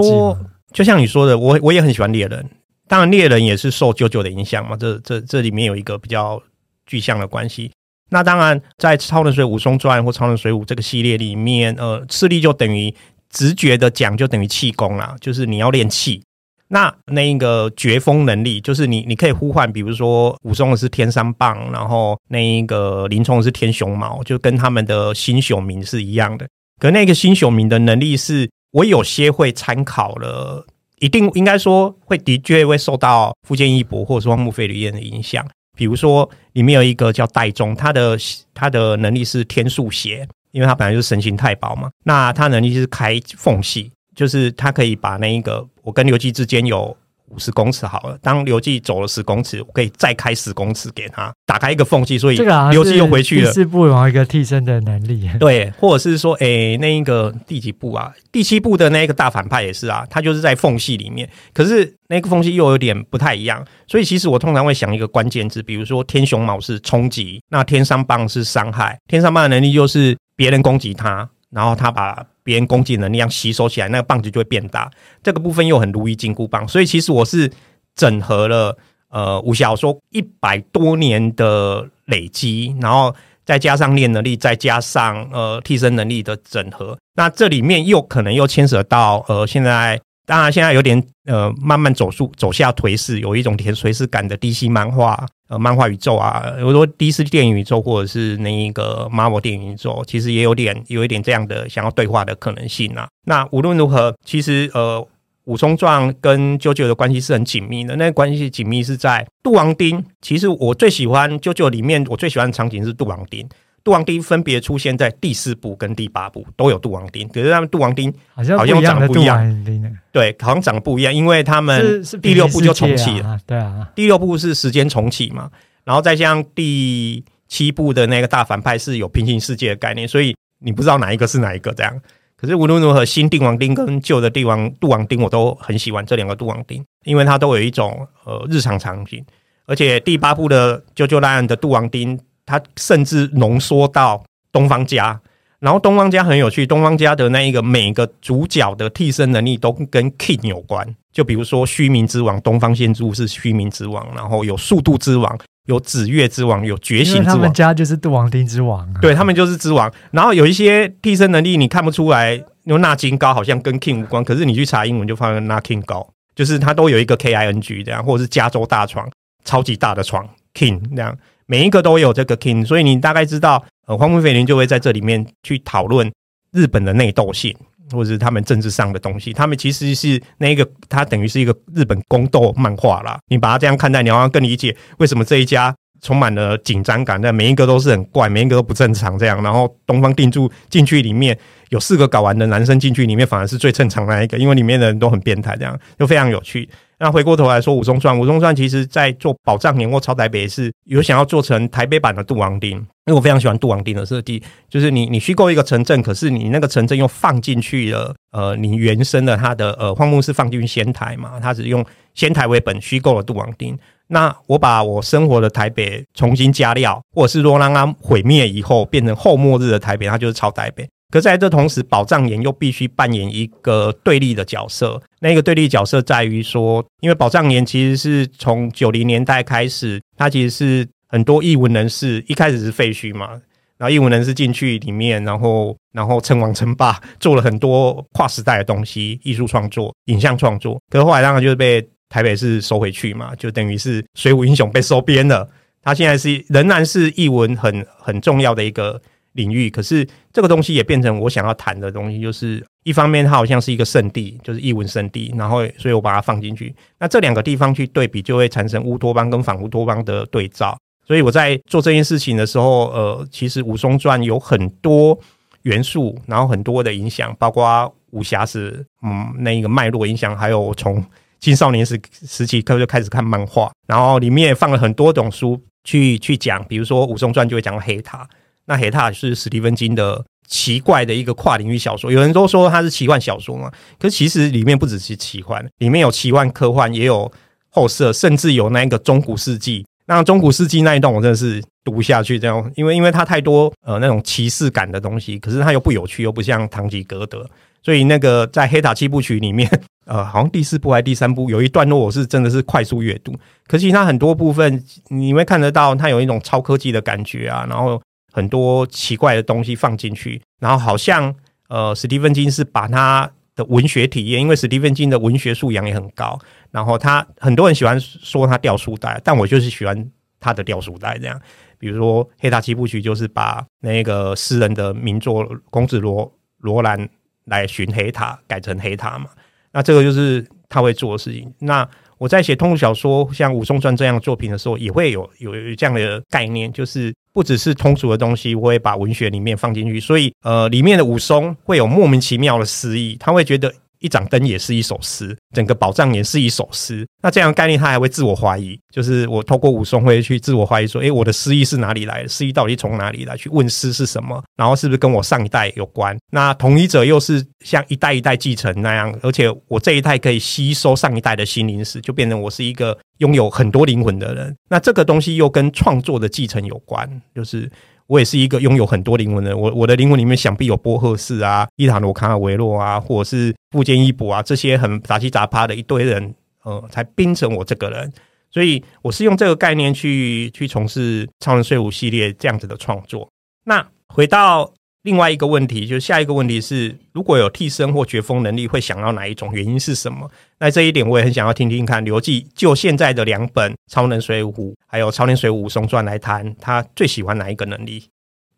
就像你說的，我我也很喜歡獵人，當然獵人也是受 JoJo 的影響嘛。這這這裡面有一個比較具象的關係。那當然，在超能水滸武松傳或超能水滸這個系列裡面，呃，赤力就等於。直覺的講，就等於氣功啦，就是你要練氣。那那一個絕峰能力，就是你你可以呼喚，比如說武松的是天傷星，然後那一個林沖是天雄星，就跟他們的星宿名是一樣的。可那個星宿名的能力是，我有些會參考了，一定應該說會的確會受到富樫義博或者是荒木飛呂彥的影響。比如說裡面有一個叫戴宗，他的他的能力是天速星。因為他本來就是神行太保嘛，那他能力就是開縫隙，就是他可以把那一個我跟劉霽之間有五十公尺好了，當劉季走了十公尺，我可以再開十公尺給他，打開一個縫隙，所以這個劉季又回去了。這個啊、是第四部有一個替身的能力，對，或者是說，哎、欸，那一個第幾部啊？第七部的那個大反派也是啊，他就是在縫隙裡面，可是那個縫隙又有點不太一樣，所以其實我通常會想一個關鍵字，比如說天熊貓是衝擊，那天山棒是傷害，天山棒的能力就是別人攻擊他。然後他把別人攻擊能量吸收起來，那個棒子就會變大。這個部分又很如意金箍棒，所以其實我是整合了呃武俠小說一百多年的累積，然後再加上念能力，再加上呃替身能力的整合。那這裡面又可能又牽扯到呃現在。當然，現在有點呃，慢慢走速走下頹勢，有一種點頹勢感的 DC 漫畫呃，漫畫宇宙啊，比如說 DC 電影宇宙或者是那一個 Marvel 電影宇宙，其實也有點有一點這樣的想要對話的可能性啊。那無論如何，其實呃，武松傳跟 JoJo 的關係是很緊密的。那個關係緊密是在杜王町。其實我最喜歡 JoJo 裡面，我最喜歡的場景是杜王町。杜王丁分別出現在第四部跟第八部都有杜王丁，可是他們杜王丁好像長得不一樣，一樣對，好像長得不一樣，因為他們第六部就重啟了，啊對啊，第六部是時間重啟嘛，然後再像第七部的那個大反派是有平行世界的概念，所以你不知道哪一個是哪一個這樣。可是無論如何，新杜王丁跟舊的杜王杜王丁我都很喜歡這兩個杜王丁，因為他都有一種呃日常場景，而且第八部的《救救爛案》的杜王丁。他甚至濃縮到東方家，然後東方家很有趣，東方家的那一個每一個主角的替身能力都跟 King 有關，就比如說虛名之王，東方憲助是虛名之王，然後有速度之王，有紙月之王，有覺醒之王。他們家就是杜王町之王、啊對，對他們就是之王。然後有一些替身能力你看不出來，因為納金高好像跟 King 無關，可是你去查英文就發現納金高就是他都有一個 King 這樣，或者是加州大床超級大的床 King 這樣。每一個都有這個 king，所以你大概知道，呃，荒木飛呂彥就會在這裡面去討論日本的內鬥性，或者是他們政治上的東西。他們其實是那一個，他等於是一個日本宮鬥漫畫啦。你把它這樣看待，你好像更理解為什麼這一家充滿了緊張感。但每一個都是很怪，每一個都不正常，這樣。然後東方定住進去裡面有四個搞完的男生進去裡面，反而是最正常的那一個，因為裡面的人都很變態，這樣就非常有趣。那回過頭來說武松《武松傳》，《武松傳》其實在做保障年貨超台北，是有想要做成台北版的杜王町，因為我非常喜歡杜王町的設計，就是你你虛構一個城鎮，可是你那個城鎮又放進去了，呃，你原生的它的呃荒木是放進去仙台嘛，它只用仙台為本虛構了杜王町，那我把我生活的台北重新加料，或者是說讓它毀滅以後變成後末日的台北，它就是超台北。可在這同時，寶藏岩又必須扮演一個對立的角色。那一個對立角色在於說，因為寶藏岩其實是從九零年代開始，它其實是很多藝文人士一開始是廢墟嘛，然後藝文人士進去裡面，然後然後稱王稱霸，做了很多跨時代的東西，藝術創作、影像創作。可是後來當然就是被台北市收回去嘛，就等於是水滸英雄被收編了。它現在是仍然是藝文很很重要的一個。領域，可是這個東西也變成我想要談的東西，就是一方面它好像是一個聖地，就是藝文聖地，然後所以我把它放進去。那這兩個地方去對比，就會產生烏托邦跟反烏托邦的對照。所以我在做這件事情的時候，呃，其實《武松傳》有很多元素，然後很多的影響，包括武俠史，嗯，那一個脈絡影響，還有從青少年時時期他就開始看漫畫，然後裡面也放了很多種書去去講，比如說《武松傳》就會講到黑塔。那《黑塔》是史蒂芬金的奇怪的一個跨領域小說，有人都說它是奇幻小說嘛。可是其實裡面不只是奇幻，裡面有奇幻科幻，也有後設，甚至有那個中古世紀。那中古世紀那一段，我真的是讀不下去，這樣，因為因為它太多呃那種騎士感的東西，可是它又不有趣，又不像《唐吉訶德》，所以那個在《黑塔》七部曲裡面，呃，好像第四部還是第三部，有一段落我是真的是快速閱讀，可是它很多部分你會看得到，它有一種超科技的感覺啊，然後。很多奇怪的東西放進去，然後好像呃，史蒂芬金是把他的文學體驗，因為史蒂芬金的文學素養也很高，然後他很多人喜歡說他掉書袋，但我就是喜歡他的掉書袋這樣。比如說《黑塔》七部曲就是把那個詩人的名作《公子羅羅蘭來尋黑塔》改成《黑塔》嘛，那這個就是他會做的事情。那我在寫通俗小說，像《武松傳》這樣的作品的時候，也會有有有這樣的概念，就是不只是通俗的東西，我會把文學裡面放進去，所以呃，裡面的武松會有莫名其妙的詩意，他會覺得。一盞燈也是一首詩，整個寶藏也是一首詩。那這樣概念，他還會自我懷疑，就是我透過武松會去自我懷疑說，誒、欸，我的詩意是哪裡來的？詩意到底從哪裡來？去問詩是什麼？然後是不是跟我上一代有關？那統一者又是像一代一代繼承那樣，而且我這一代可以吸收上一代的心靈史，就變成我是一個擁有很多靈魂的人。那這個東西又跟創作的繼承有關，就是。我也是一個擁有很多靈魂的人，我，我的靈魂裡面想必有波赫士啊、伊塔羅卡爾維諾啊，或者是冨樫義博啊，這些很雜七雜八的一堆人，呃、才拼成我這個人。所以我是用這個概念去去從事《超能水滸》系列這樣子的創作。那回到。另外一個問題就是下一個問題是，如果有替身或絕峰能力，會想到哪一種？原因是什麼？那這一點我也很想要聽聽看，劉霽就現在的兩本《超能水滸》還有《超能水滸》武松傳來談，他最喜歡哪一個能力？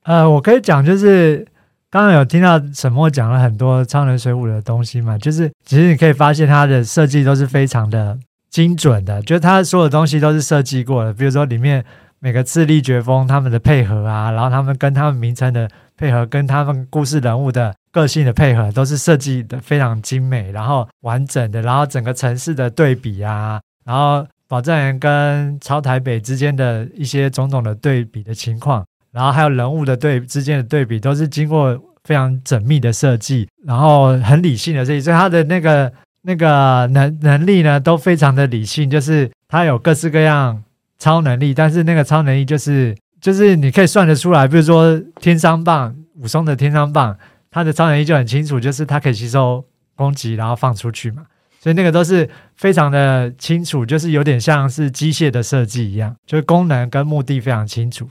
呃，我可以講，就是剛剛有聽到沈默講了很多《超能水滸》的東西嘛，就是其實你可以發現它的設計都是非常的精準的，就是它所有東西都是設計過的，比如說裡面。每個智力絕峰他們的配合啊，然後他們跟他們名稱的配合，跟他們故事人物的個性的配合，都是設計的非常精美，然後完整的，然後整個城市的對比啊，然後保證人跟超台北之間的一些種種的對比的情況，然後還有人物的對之間的對比，都是經過非常縝密的設計，然後很理性的設計，所以他的那個那個能能力呢，都非常的理性，就是他有各式各樣。超能力，但是那個超能力就是就是你可以算得出來，比如說天傷棒，武松的天傷棒，它的超能力就很清楚，就是它可以吸收攻擊，然後放出去嘛，所以那個都是非常的清楚，就是有點像是機械的設計一樣，就是功能跟目的非常清楚。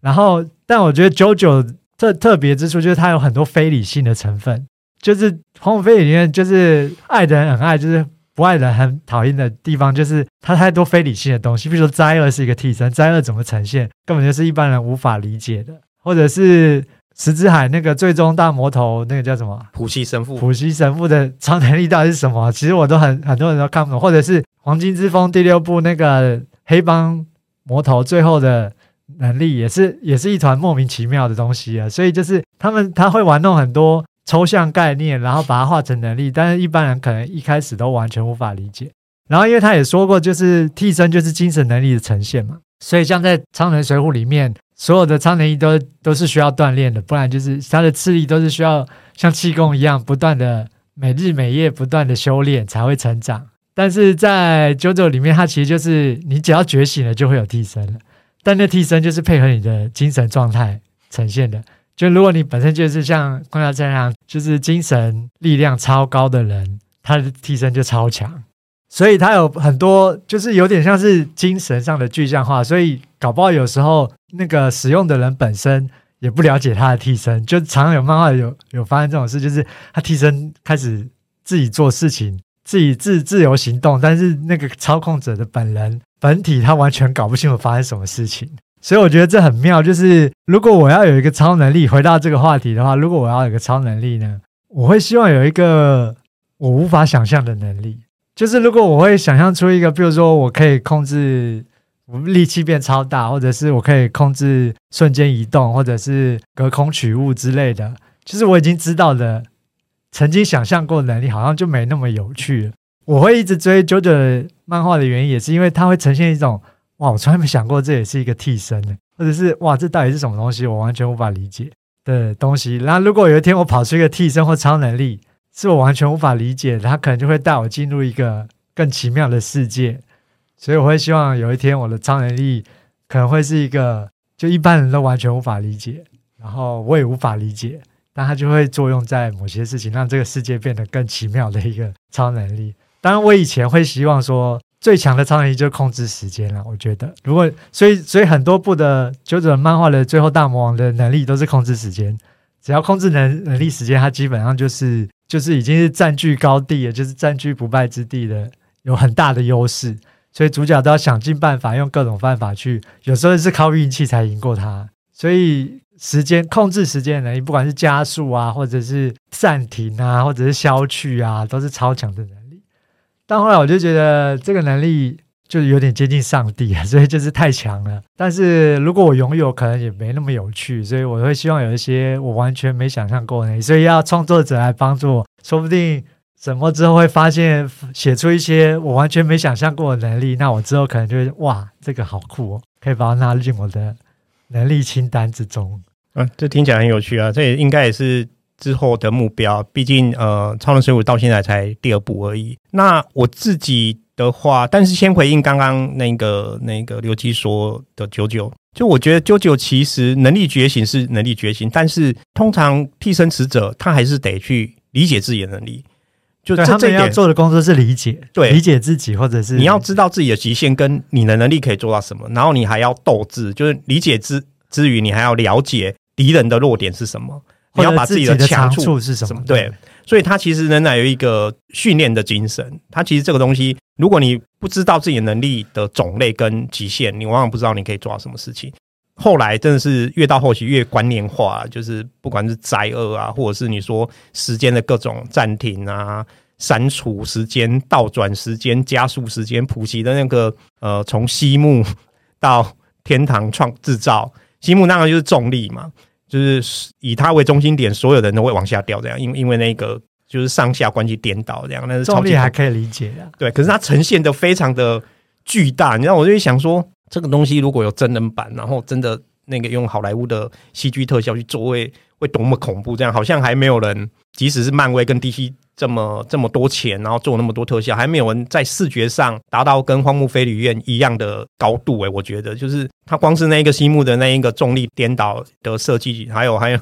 然後，但我覺得 JoJo 特特別之處就是它有很多非理性的成分，就是黃飛鴻裡面就是愛的人很愛，就是。不外人很討厭的地方，就是他太多非理性的東西。比如說災厄是一個替身，災厄怎麼呈現，根本就是一般人無法理解的。或者是石之海那個最終大魔頭，那個叫什麼？普希神父。普希神父的超能力到底是什麼？其實我都很很多人都看不懂。或者是黃金之風第六部那個黑幫魔頭最後的能力，也是也是一團莫名其妙的東西啊。所以就是他們他會玩弄很多。抽象概念，然後把它化成能力，但是一般人可能一開始都完全無法理解。然後，因為他也說過，就是替身就是精神能力的呈現嘛，所以像在《超能水滸》裡面，所有的超能力都都是需要鍛鍊的，不然就是它的智力都是需要像氣功一樣，不斷的每日每夜不斷的修煉才會成長。但是在《JoJo》裡面，它其實就是你只要覺醒了就會有替身了，但那替身就是配合你的精神狀態呈現的。就如果你本身就是像空條這樣，就是精神力量超高的人，他的替身就超強，所以他有很多就是有點像是精神上的具象化，所以搞不好有時候那個使用的人本身也不了解他的替身，就常常有漫畫有有發生這種事，就是他替身開始自己做事情，自己自自由行動，但是那個操控者的本人本體他完全搞不清楚發生什麼事情。所以我覺得這很妙，就是如果我要有一個超能力，回到這個話題的話，如果我要有一個超能力呢，我會希望有一個我無法想象的能力。就是如果我會想象出一個，比如說我可以控制我力氣變超大，或者是我可以控制瞬間移動，或者是隔空取物之類的。其實我已經知道的，曾經想象過能力，好像就沒那麼有趣了。我會一直追 JoJo 漫畫的原因，也是因為它會呈現一種。哇！我從來沒想過這也是一個替身呢，或者是哇，這到底是什麼東西？我完全無法理解的東西。那如果有一天我跑出一個替身或超能力，是我完全無法理解的，它可能就會帶我進入一個更奇妙的世界。所以，我會希望有一天我的超能力可能會是一個，就一般人都完全無法理解，然後我也無法理解，但它就會作用在某些事情，讓這個世界變得更奇妙的一個超能力。當然，我以前會希望說。最強的超能力就是控制時間了。我覺得，如果所以所以很多部的 JOJO 漫畫的最後大魔王的能力都是控制時間，只要控制能能力時間，他基本上就是就是已經是占據高地，也就是占據不敗之地的，有很大的優勢。所以主角都要想盡辦法，用各種辦法去，有時候是靠運氣才贏過他。所以時間控制時間的能力，不管是加速啊，或者是暫停啊，或者是消去啊，都是超強的能力。但後來我就覺得這個能力就有點接近上帝啊，所以就是太強了。但是如果我擁有，可能也沒那麼有趣。所以我會希望有一些我完全沒想象過的能力，所以要創作者來幫助我。說不定什麼之後會發現寫出一些我完全沒想象過的能力，那我之後可能就會哇，這個好酷哦，可以把它納入我的能力清單之中。嗯，啊，這聽起來很有趣啊，這也應該也是。之後的目標，畢竟呃，超能水滸到現在才第二部而已。那我自己的話，但是先回應剛剛那個那個劉霽說的 JoJo，就我覺得 JoJo 其實能力覺醒是能力覺醒，但是通常替身使者他還是得去理解自己的能力，就他們要做的工作是理解，對，理解自己或者是你要知道自己的極限跟你的能力可以做到什麼，然後你還要鬥智，就是理解之之餘，你還要了解敵人的弱點是什麼。你要把自己的強處是什麼？對，所以他其實仍然有一個訓練的精神。他其實這個東西，如果你不知道自己的能力的種類跟極限，你往往不知道你可以做到什麼事情。後來真的是越到後期越觀念化，就是不管是災厄啊，或者是你說時間的各種暫停啊、刪除時間、倒轉時間、加速時間、普奇的那個呃，從西木到天堂創製造西木那個就是重力嘛。就是以它為中心點，所有人都會往下掉，這樣，因為因為那個就是上下關係顛倒這樣。那是超級重力還可以理解的，對。可是它呈現的非常的巨大，你知道我就會想說，這個東西如果有真人版，然後真的那個用好萊塢的 CG 特效去做，會會多麼恐怖？這樣好像還沒有人，即使是漫威跟 DC。這麼這麼多錢，然後做那麼多特效，還沒有人在視覺上達到跟《荒木飛呂彥》一樣的高度，欸，我覺得就是它光是那一個西木的那一個重力顛倒的設計，還有還有，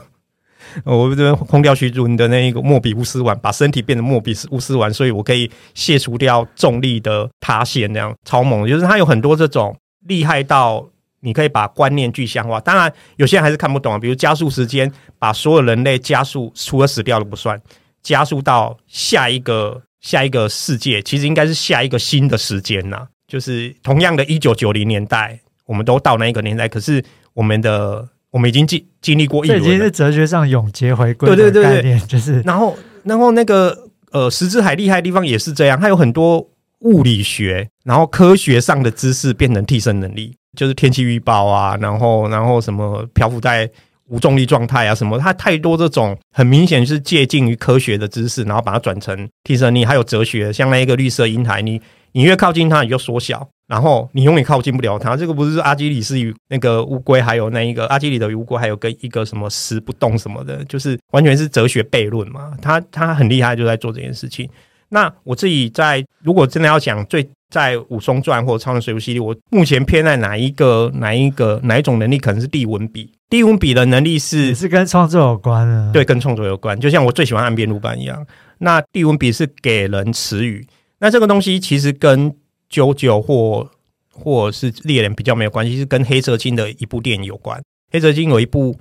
我覺得空條徐倫的那一個莫比烏斯環，把身體變成莫比烏斯環，所以我可以卸除掉重力的塌陷，那樣超猛！就是它有很多這種厲害到你可以把觀念具象化。當然，有些人還是看不懂，比如加速時間，把所有人類加速，除了死掉了不算。加速到下一個下一個世界，其實應該是下一個新的時間吶、啊。就是同樣的一九九零年代，我們都到那一個年代，可是我們的我們已經經經歷過一輪，這已經是哲學上永劫回歸的概念對，對對對，就是。然後，然後那個呃，石之海厲害的地方也是這樣，它有很多物理學，然後科學上的知識變成替身能力，就是天氣預報啊，然後然後什麼漂浮在。無重力狀態啊，什麼？他太多這種很明顯是借鏡於科學的知識，然後把它轉成替身你。還有哲學，像那一個綠色銀台，你你越靠近它你就縮小，然後你永遠靠近不了它。這個不是阿基里斯與那個烏龜，還有那一個阿基里斯與烏龜，還有跟一個什麼石不動什麼的，就是完全是哲學悖論嘛。他他很厲害，就在做這件事情。那我自己在如果真的要講，最在武松傳或超能水滸系列，我目前偏在哪一個哪一個哪一種能力，可能是第文筆？第文筆的能力是是跟創作有關的，對，跟創作有關。就像我最喜歡岸邊露伴一樣，那第文筆是給人詞語。那這個東西其實跟 JoJo 或或是獵人比較沒有關係，是跟黑澤清的一部電影有關。黑澤清有一部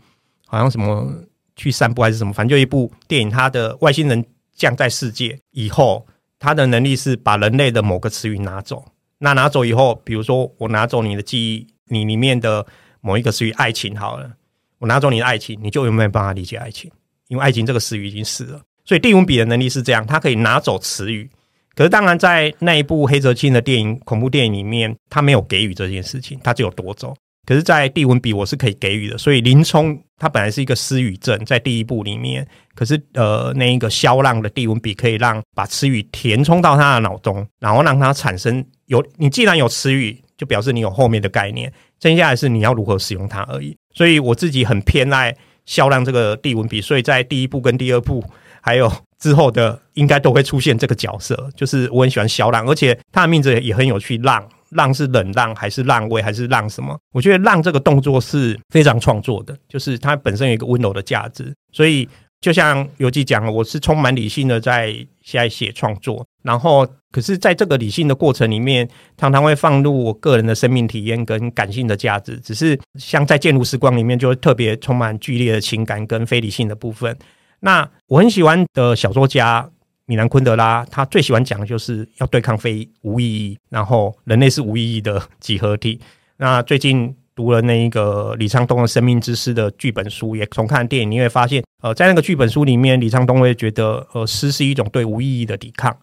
好像什麼去散步還是什麼，反正就一部電影，他的外星人，降在世界以後，他的能力是把人類的某個詞語拿走。那拿走以後，比如說我拿走你的記憶，你裡面的某一個詞語“愛情”好了，我拿走你的愛情，你就永遠沒有辦法理解愛情，因為愛情這個詞語已經死了。所以第五筆的能力是這樣，它可以拿走詞語。可是當然，在那一部黑澤清的電影恐怖電影裡面，他沒有給予這件事情，他只有奪走。可是，在地文筆我是可以給予的，所以林沖他本來是一個失語症，在第一部裡面，可是呃，那一個肖浪的地文筆可以讓把詞語填充到他的腦中，然後讓他產生，有你既然有詞語，就表示你有後面的概念，接下來是你要如何使用它而已。所以我自己很偏愛肖浪這個地文筆，所以在第一部跟第二部還有之後的，應該都會出現這個角色，就是我很喜歡肖浪，而且他的名字也很有趣浪。浪是冷浪還是浪位？還是浪什麼？我覺得浪這個動作是非常創作的，就是它本身有一個溫柔的價值。所以就像尤記講我是充滿理性的在現在寫創作，然後可是在這個理性的過程裡面，常常會放入我個人的生命體驗跟感性的價值。只是像在《建築時光》裡面，就會特別充滿劇烈的情感跟非理性的部分。那我很喜歡的小作家，米蘭昆德拉他最喜歡講的就是要對抗非無意義，然後人類是無意義的集合體。那最近讀了那一個李滄東的《生命之詩》的劇本書，也重看電影，你會發現，呃，在那個劇本書裡面，李滄東會覺得，呃，詩是一種對無意義的抵抗。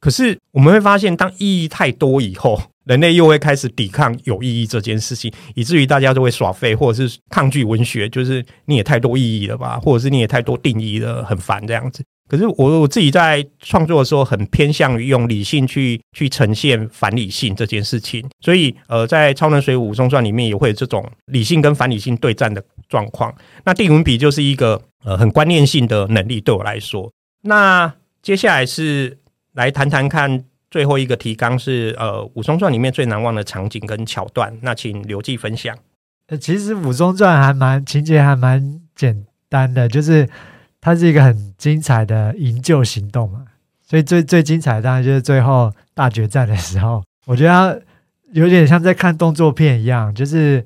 可是我們會發現，當意義太多以後，人類又會開始抵抗有意義這件事情，以至於大家都會耍廢，或者是抗拒文學，就是你也太多意義了吧，或者是你也太多定義了，很煩這樣子。可是我我自己在創作的時候，很偏向於用理性去去呈現反理性這件事情，所以呃，在《超能水滸》《武松傳》裡面也會有這種理性跟反理性對戰的狀況。那定文筆就是一個呃很觀念性的能力，對我來說。那接下來是來談談看最後一個提綱，是呃《武松傳》裡面最難忘的場景跟橋段。那請劉霽分享。其實《武松傳》還蠻情節還蠻簡單的，就是。它是一個很精彩的營救行動嘛，所以最最精彩的當然就是最後大決戰的時候，我覺得它有點像在看動作片一樣，就是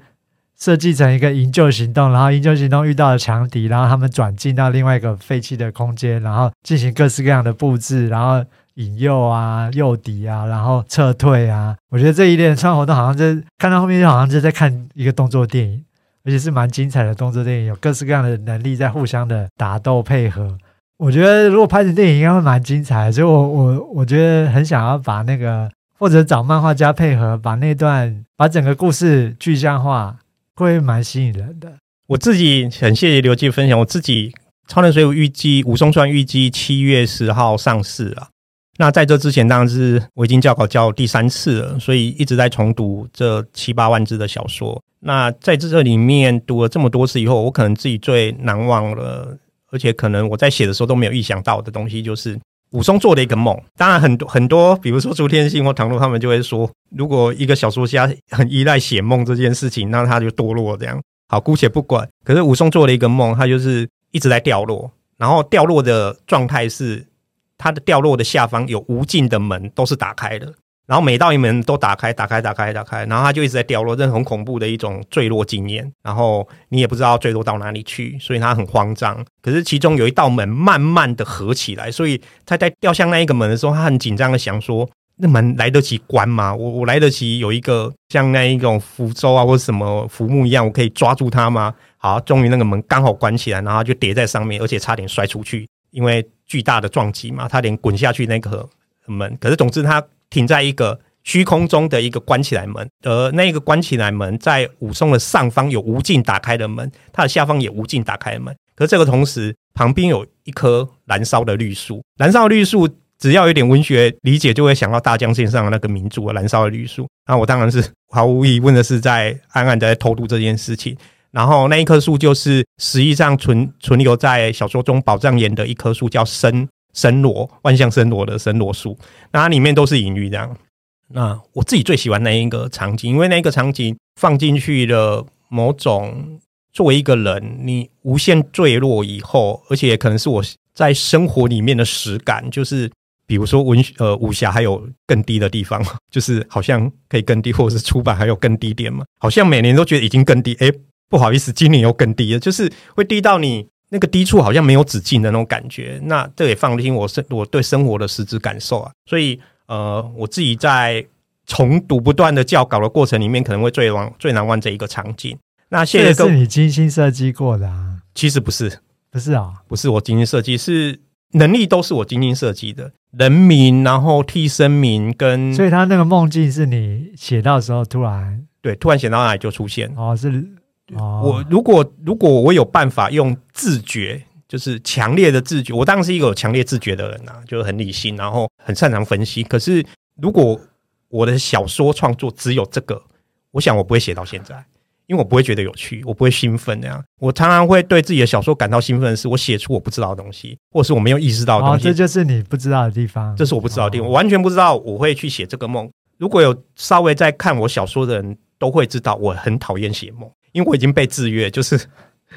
設計成一個營救行動，然後營救行動遇到了強敵，然後他們轉進到另外一個廢棄的空間，然後進行各式各樣的布置，然後引誘啊、誘敵啊，然後撤退啊。我覺得這一連串活動都好像就看到後面，就好像就在看一個動作電影。而且是蠻精彩的動作電影，有各式各樣的能力在互相的打鬥配合。我覺得如果拍成電影，應該會蠻精彩的。所以我，我我我覺得很想要把那個，或者找漫畫家配合，把那段，把整個故事具象化，會蠻吸引人的。我自己很謝謝劉霽分享，我自己超人有《超能水滸預計武松傳預計七月十號上市啊那在這之前，當然是我已經校稿校第三次了，所以一直在重讀這七八萬字的小說。那在這這裡面讀了這麼多次以後，我可能自己最難忘了，而且可能我在寫的時候都沒有意想到的東西，就是武松做了一個夢。當然，很多很多，比如說朱天心或唐露他們就會說，如果一個小說家很依賴寫夢這件事情，那他就墮落，這樣。好，姑且不管。可是武松做了一個夢，他就是一直在掉落，然後掉落的狀態是。它的掉落的下方有無盡的門，都是打開的。然後每道門都打開，打開，打開，打開。然後它就一直在掉落，這是很恐怖的一種墜落經驗。然後你也不知道墜落到哪裡去，所以它很慌張。可是其中有一道門慢慢的合起來，所以它在掉向那一個門的時候，它很緊張的想說：那門來得及關嗎？我我來得及有一個像那一種浮舟啊，或者什麼浮木一樣，我可以抓住它嗎？好，終於那個門剛好關起來，然後就疊在上面，而且差點摔出去。因為巨大的撞擊嘛，他連滾下去那個門，可是總之他停在一個虛空中的一個關起來門，而那個關起來門在武松的上方有無盡打開的門，他的下方也無盡打開的門。可是這個同時旁邊有一棵燃燒的綠樹，燃燒的綠樹只要有點文學理解，就會想到大江線上的那個名著啊，燃燒的綠樹。那我當然是毫無疑問的是在暗暗的在偷渡這件事情。然後那一棵樹就是實際上存存留在小說中寶藏巖的一棵樹叫，叫森森羅萬象森羅的森羅樹，那它裡面都是隱喻這樣，那我自己最喜歡那一個場景，因為那個場景放進去了某種作為一個人，你無限墜落以後，而且可能是我在生活裡面的實感，就是比如說文學呃武俠還有更低的地方，就是好像可以更低，或者是出版還有更低點嘛，好像每年都覺得已經更低，誒不好意思，今年又更低了，就是會低到你那個低處好像沒有止境的那種感覺。那這也放清我生我對生活的實質感受啊。所以呃，我自己在重讀不斷的校稿的過程裡面，可能會最忘最難忘這一個場景。那這個是你精心設計過的啊？其實不是，不是啊、哦，不是我精心設計，是能力都是我精心設計的。人名，然後替身名跟，所以他那個夢境是你寫到的時候突然對，突然寫到那裡就出現哦，是。我如果如果我有辦法用自覺，就是強烈的自覺。我當然是一個有強烈自覺的人啊，就是很理性，然後很擅長分析。可是如果我的小說創作只有這個，我想我不會寫到現在，因為我不會覺得有趣，我不會興奮。這樣啊，我常常會對自己的小說感到興奮的是，我寫出我不知道的東西，或是我沒有意識到的東西。這就是你不知道的地方，這是我不知道的地方。我完全不知道我會去寫這個夢。如果有稍微在看我小說的人都會知道，我很討厭寫夢。因為我已經被制約，就是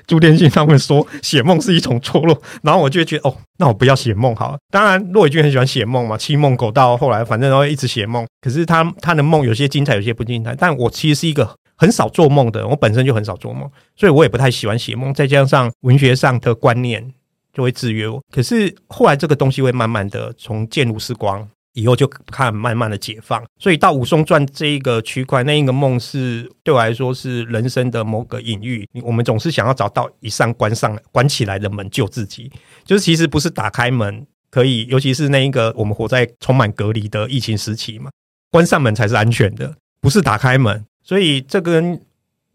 朱天心他們說寫夢是一種錯落，然後我就會覺得哦，那我不要寫夢好了。當然駱以軍很喜歡寫夢嘛，七夢狗到後來反正都會一直寫夢，可是他他的夢有些精彩，有些不精彩。但我其實是一個很少做夢的，我本身就很少做夢，所以我也不太喜歡寫夢。再加上文學上的觀念就會制約我，可是後來這個東西會慢慢的從漸入時光。以後就看慢慢的解放，所以到武松傳這一個區塊，那一個夢是對我來說是人生的某個隱喻。我們總是想要找到一扇關上關起來的門救自己，就是其實不是打開門可以，尤其是那一個我們活在充滿隔離的疫情時期嘛，關上門才是安全的，不是打開門。所以這跟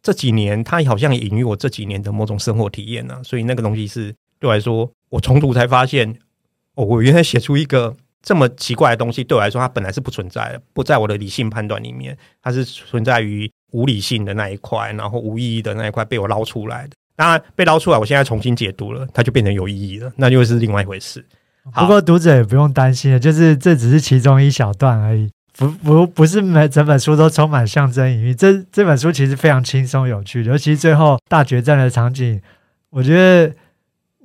這幾年，它也好像隱喻我這幾年的某種生活體驗呢，啊，所以那個東西是對我來說，我重讀才發現，哦，我原來寫出一個。這麼奇怪的東西對我來說，它本來是不存在的，不在我的理性判斷裡面，它是存在於無理性的那一塊，然後無意義的那一塊被我撈出來的。當然，被撈出來，我現在重新解讀了，它就變成有意義了，那又是另外一回事。不過讀者也不用擔心，就是這只是其中一小段而已，不不不是每整本書都充滿象徵意義。這這本書其實非常輕鬆有趣，尤其最後大決戰的場景，我覺得。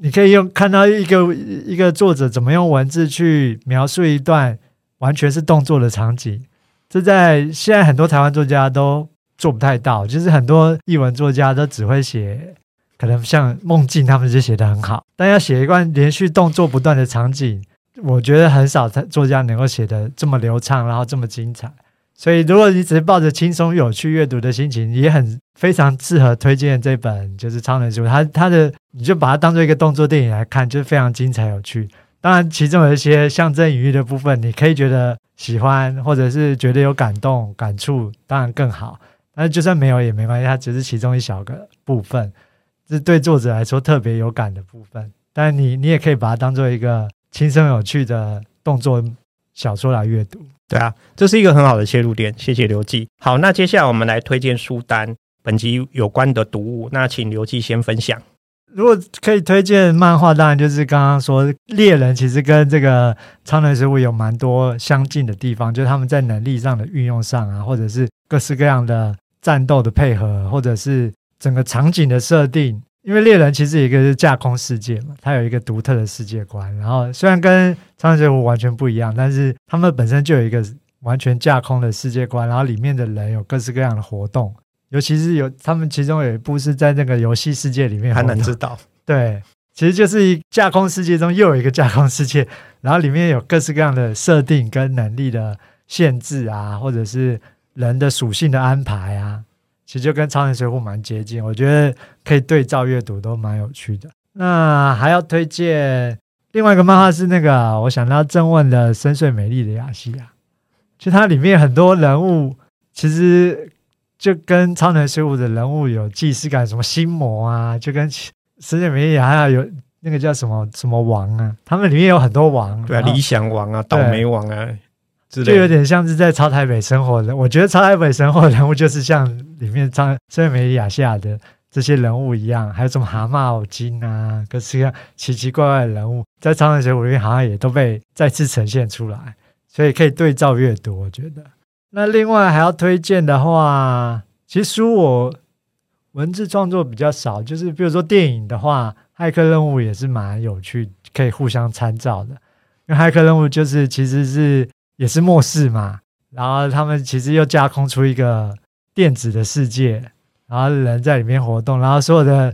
你可以用看到一個一個作者怎麼用文字去描述一段完全是動作的場景，這在現在很多台灣作家都做不太到。就是很多藝文作家都只會寫，可能像夢境他們就寫得很好，但要寫一段連續動作不斷的場景，我覺得很少作家能夠寫得這麼流暢，然後這麼精彩。所以如果你只是抱着輕鬆有趣閱讀的心情，也很非常適合推薦這本就是《超能書》。它它的。你就把它當作一個動作電影來看，就非常精彩有趣。當然，其中有一些象徵隱喻的部分，你可以覺得喜歡，或者是覺得有感動、感觸，當然更好。但是就算沒有也沒關係，它只是其中一小個部分，是對作者來說特別有感的部分。但你你也可以把它當做一個輕鬆有趣的動作小說來閱讀。對，對啊，這是一個很好的切入點。謝謝劉霽。好，那接下來我們來推薦書單，本集有關的讀物。那請劉霽先分享。如果可以推薦漫畫，當然就是剛剛說獵人，其實跟這個超能水滸有蠻多相近的地方，就是他們在能力上的運用上啊，或者是各式各樣的戰鬥的配合，或者是整個場景的設定。因為獵人其實一個是架空世界嘛，它有一個獨特的世界觀。然後雖然跟超能水滸完全不一樣，但是他們本身就有一個完全架空的世界觀，然後裡面的人有各式各樣的活動。尤其是有他們其中有一部是在那個遊戲世界裡面，很難知道。對，其實就是架空世界中又有一個架空世界，然後裡面有各式各樣的設定跟能力的限制啊，或者是人的屬性的安排啊，其實就跟《超能水滸》蠻接近，我覺得可以對照閱讀，都蠻有趣的。那還要推薦另外一個漫畫是那個我想要鄭問的《深邃美麗的亞細亞》，就它裡面很多人物其實。就跟超能水滸的人物有既視感，什麼心魔啊，就跟《深邃美麗的亞細亞》有那個叫什麼什麼王啊，他們裡面有很多王，對啊，後理想王啊，對倒霉王啊，就有點像是在超台北生活的。我覺得超台北生活的人物就是像裡面超《深邃美麗的亞細亞》下的這些人物一樣，還有什麼蛤蟆精啊，各式各樣奇奇怪怪的人物，在超能水滸裡面好像也都被再次呈現出來，所以可以對照閱讀，我覺得。那另外還要推薦的話，其實我文字創作比較少，就是比如說電影的話，《駭客任務》也是蠻有趣，可以互相參照的。因為《駭客任務》就是其實是也是末世嘛，然後他們其實又架空出一個電子的世界，然後人在裡面活動，然後所有的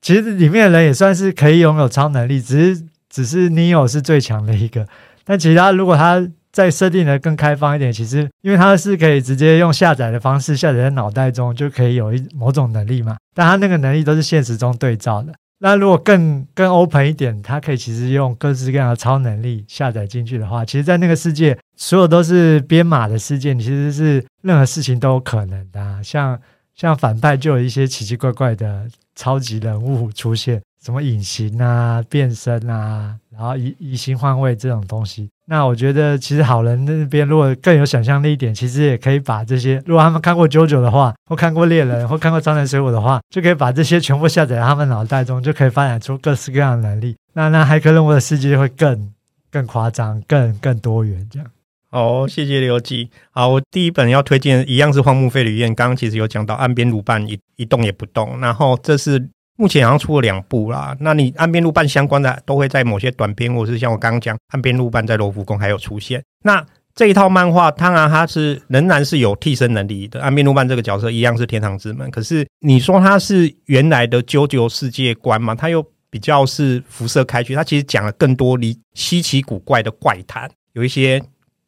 其實裡面的人也算是可以擁有超能力，只是只是尼歐是最強的一個，但其他如果他。再設定的更開放一點，其實因為它是可以直接用下載的方式下載在腦袋中，就可以有一某種能力嘛。但它那個能力都是現實中對照的。那如果更更 open 一點，它可以其實用各式各樣的超能力下載進去的話，其實，在那個世界，所有都是編碼的世界，其實是任何事情都有可能的啊。像像反派就有一些奇奇怪怪的超級人物出現，什麼隱形啊、變身啊，然後移移形換位這種東西。那我覺得，其實好人那邊如果更有想象力一點，其實也可以把這些。如果他們看過《JoJo》的話，或看過《獵人》，或看過《超能水滸》的話，就可以把這些全部下載在他們腦袋中，就可以發展出各式各樣的能力。那那駭客任務的世界會更更誇張，更更多元這樣。好、哦，謝謝劉霽。好，我第一本要推薦一樣是荒木飛呂彥，剛剛其實有講到岸邊露伴一一動也不動，然後這是。目前好像出了兩部啦，那你岸邊露伴相關的都會在某些短篇，或者是像我剛剛講，岸邊露伴在羅浮宮還有出現。那這一套漫畫，當然它是仍然是有替身能力的，岸邊露伴這個角色一樣是天堂之門。可是你說它是原來的《JOJO 世界觀》嘛，它又比較是輻射開去，它其實講了更多離稀奇古怪的怪談，有一些。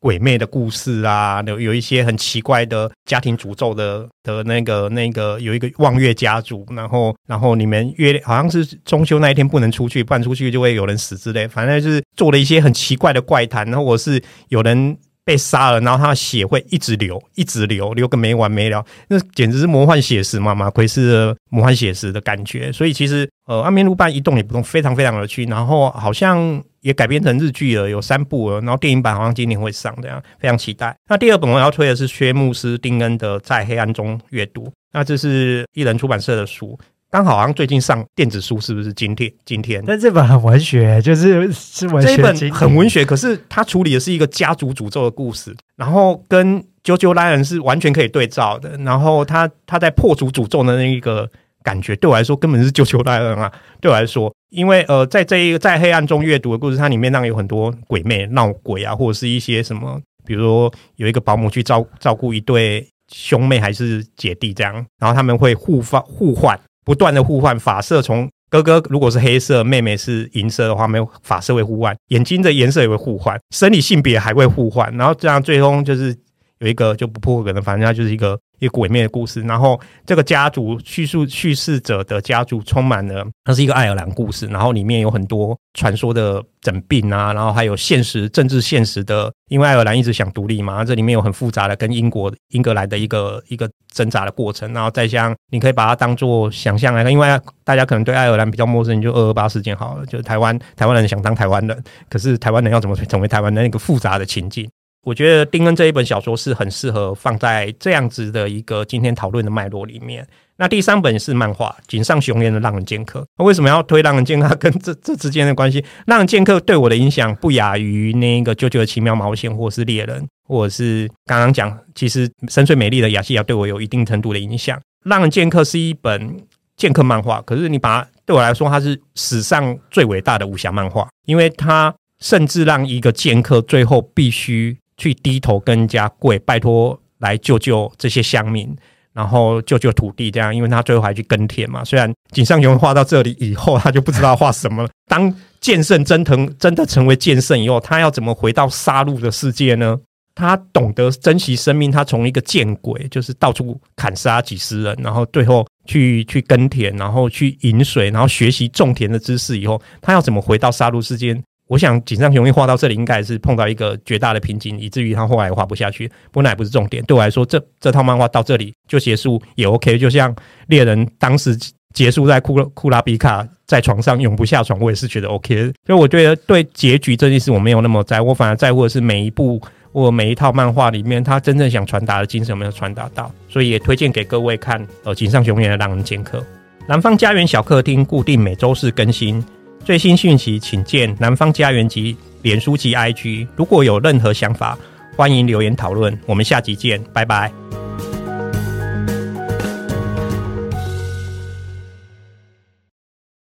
鬼魅的故事啊，有有一些很奇怪的家庭詛咒的的那個那個，有一個望月家族，然後然後你們約好像是中秋那一天不能出去，不然出去就會有人死之類，反正就是做了一些很奇怪的怪談。然後我是有人被殺了，然後他的血會一直流，一直流，流個沒完沒了，那簡直是魔幻寫實嘛，馬奎斯、呃、魔幻寫實的感覺，所以其實。呃，岸邊露伴一動也不動，非常非常有趣。然後好像也改編成日劇了，有三部了。然後電影版好像今年會上，這樣非常期待。那第二本我要推的是薛穆斯丁恩的《在黑暗中閱讀》，那這是一人出版社的書，剛好好像最近上電子書，是不是今天？今天，但這本很文學，就是是文學。這本很文學，可是它處理的是一個家族詛咒的故事，然後跟、jo《JOJOLion》是完全可以對照的。然後他他在破除詛咒的那一個。感覺對我來說根本是救求大恩啊！對我來說，因為呃，在這一個在黑暗中閱讀的故事，它裡面那有很多鬼魅鬧鬼啊，或者是一些什麼，比如說有一個保姆去照照顧一對兄妹還是姐弟這樣，然後他們會互換互換，不斷的互換髮色，從哥哥如果是黑色，妹妹是銀色的話，沒有髮色會互換，眼睛的顏色也會互換，生理性別還會互換，然後這樣最終就是有一個就不破梗的，反正他就是一個。一個鬼魅的故事，然後這個家族敘述敘事者的家族充滿了，那是一個愛爾蘭故事，然後裡面有很多傳說的診病啊，然後還有現實政治現實的，因為愛爾蘭一直想獨立嘛，這裡面有很複雜的跟英國英格蘭的一個一個掙扎的過程，然後再像你可以把它當做想象來看，因為大家可能對愛爾蘭比較陌生，你就二二八事件好了，就是台灣台灣人想當台灣人，可是台灣人要怎麼成為台灣的那個複雜的情境。我覺得丁恩這一本小說是很適合放在這樣子的一個今天討論的脈絡裡面。那第三本是漫畫《井上雄彥的浪人劍客》。那為什麼要推讓《浪人劍客》？跟這這之間的關係，《浪人劍客》對我的影響不亞於那個《JoJo 的奇妙冒險》，或是《獵人》，或者是剛剛講，其實《深邃美麗的亞細亞》對我有一定程度的影響。《浪人劍客》是一本劍客漫畫，可是你把它對我來說，它是史上最偉大的武俠漫畫，因為它甚至讓一個劍客最後必須。去低頭跟人家跪，拜託來救救這些鄉民，然後救救土地，這樣，因為他最後還去耕田嘛。雖然井上雄彥畫到這裡以後，他就不知道畫什麼了。 [LAUGHS] 當劍聖真藤真的成為劍聖以後，他要怎麼回到殺戮的世界呢？他懂得珍惜生命，他從一個劍鬼，就是到處砍殺幾十人，然後最後去去耕田，然後去飲水，然後學習種田的知識以後，他要怎麼回到殺戮世界？我想，井上雄彥畫到這裡，應該也是碰到一個絕大的瓶頸，以至於他後來也畫不下去。不過那也不是重點。對我來說，這這套漫畫到這裡就結束也 OK。就像獵人當時結束在庫拉，庫拉比卡在床上永不下床，我也是覺得 OK。所以我覺得對結局這件事我沒有那麼在乎，我反而在乎的是每一部或每一套漫畫裡面他真正想傳達的精神有沒有傳達到。所以也推薦給各位看。呃，井上雄彥的《浪人劍客》。南方家園小客廳，固定每周四更新。最新訊息請見《南方家園》及臉書及 IG。如果有任何想法，歡迎留言討論。我們下集見，拜拜。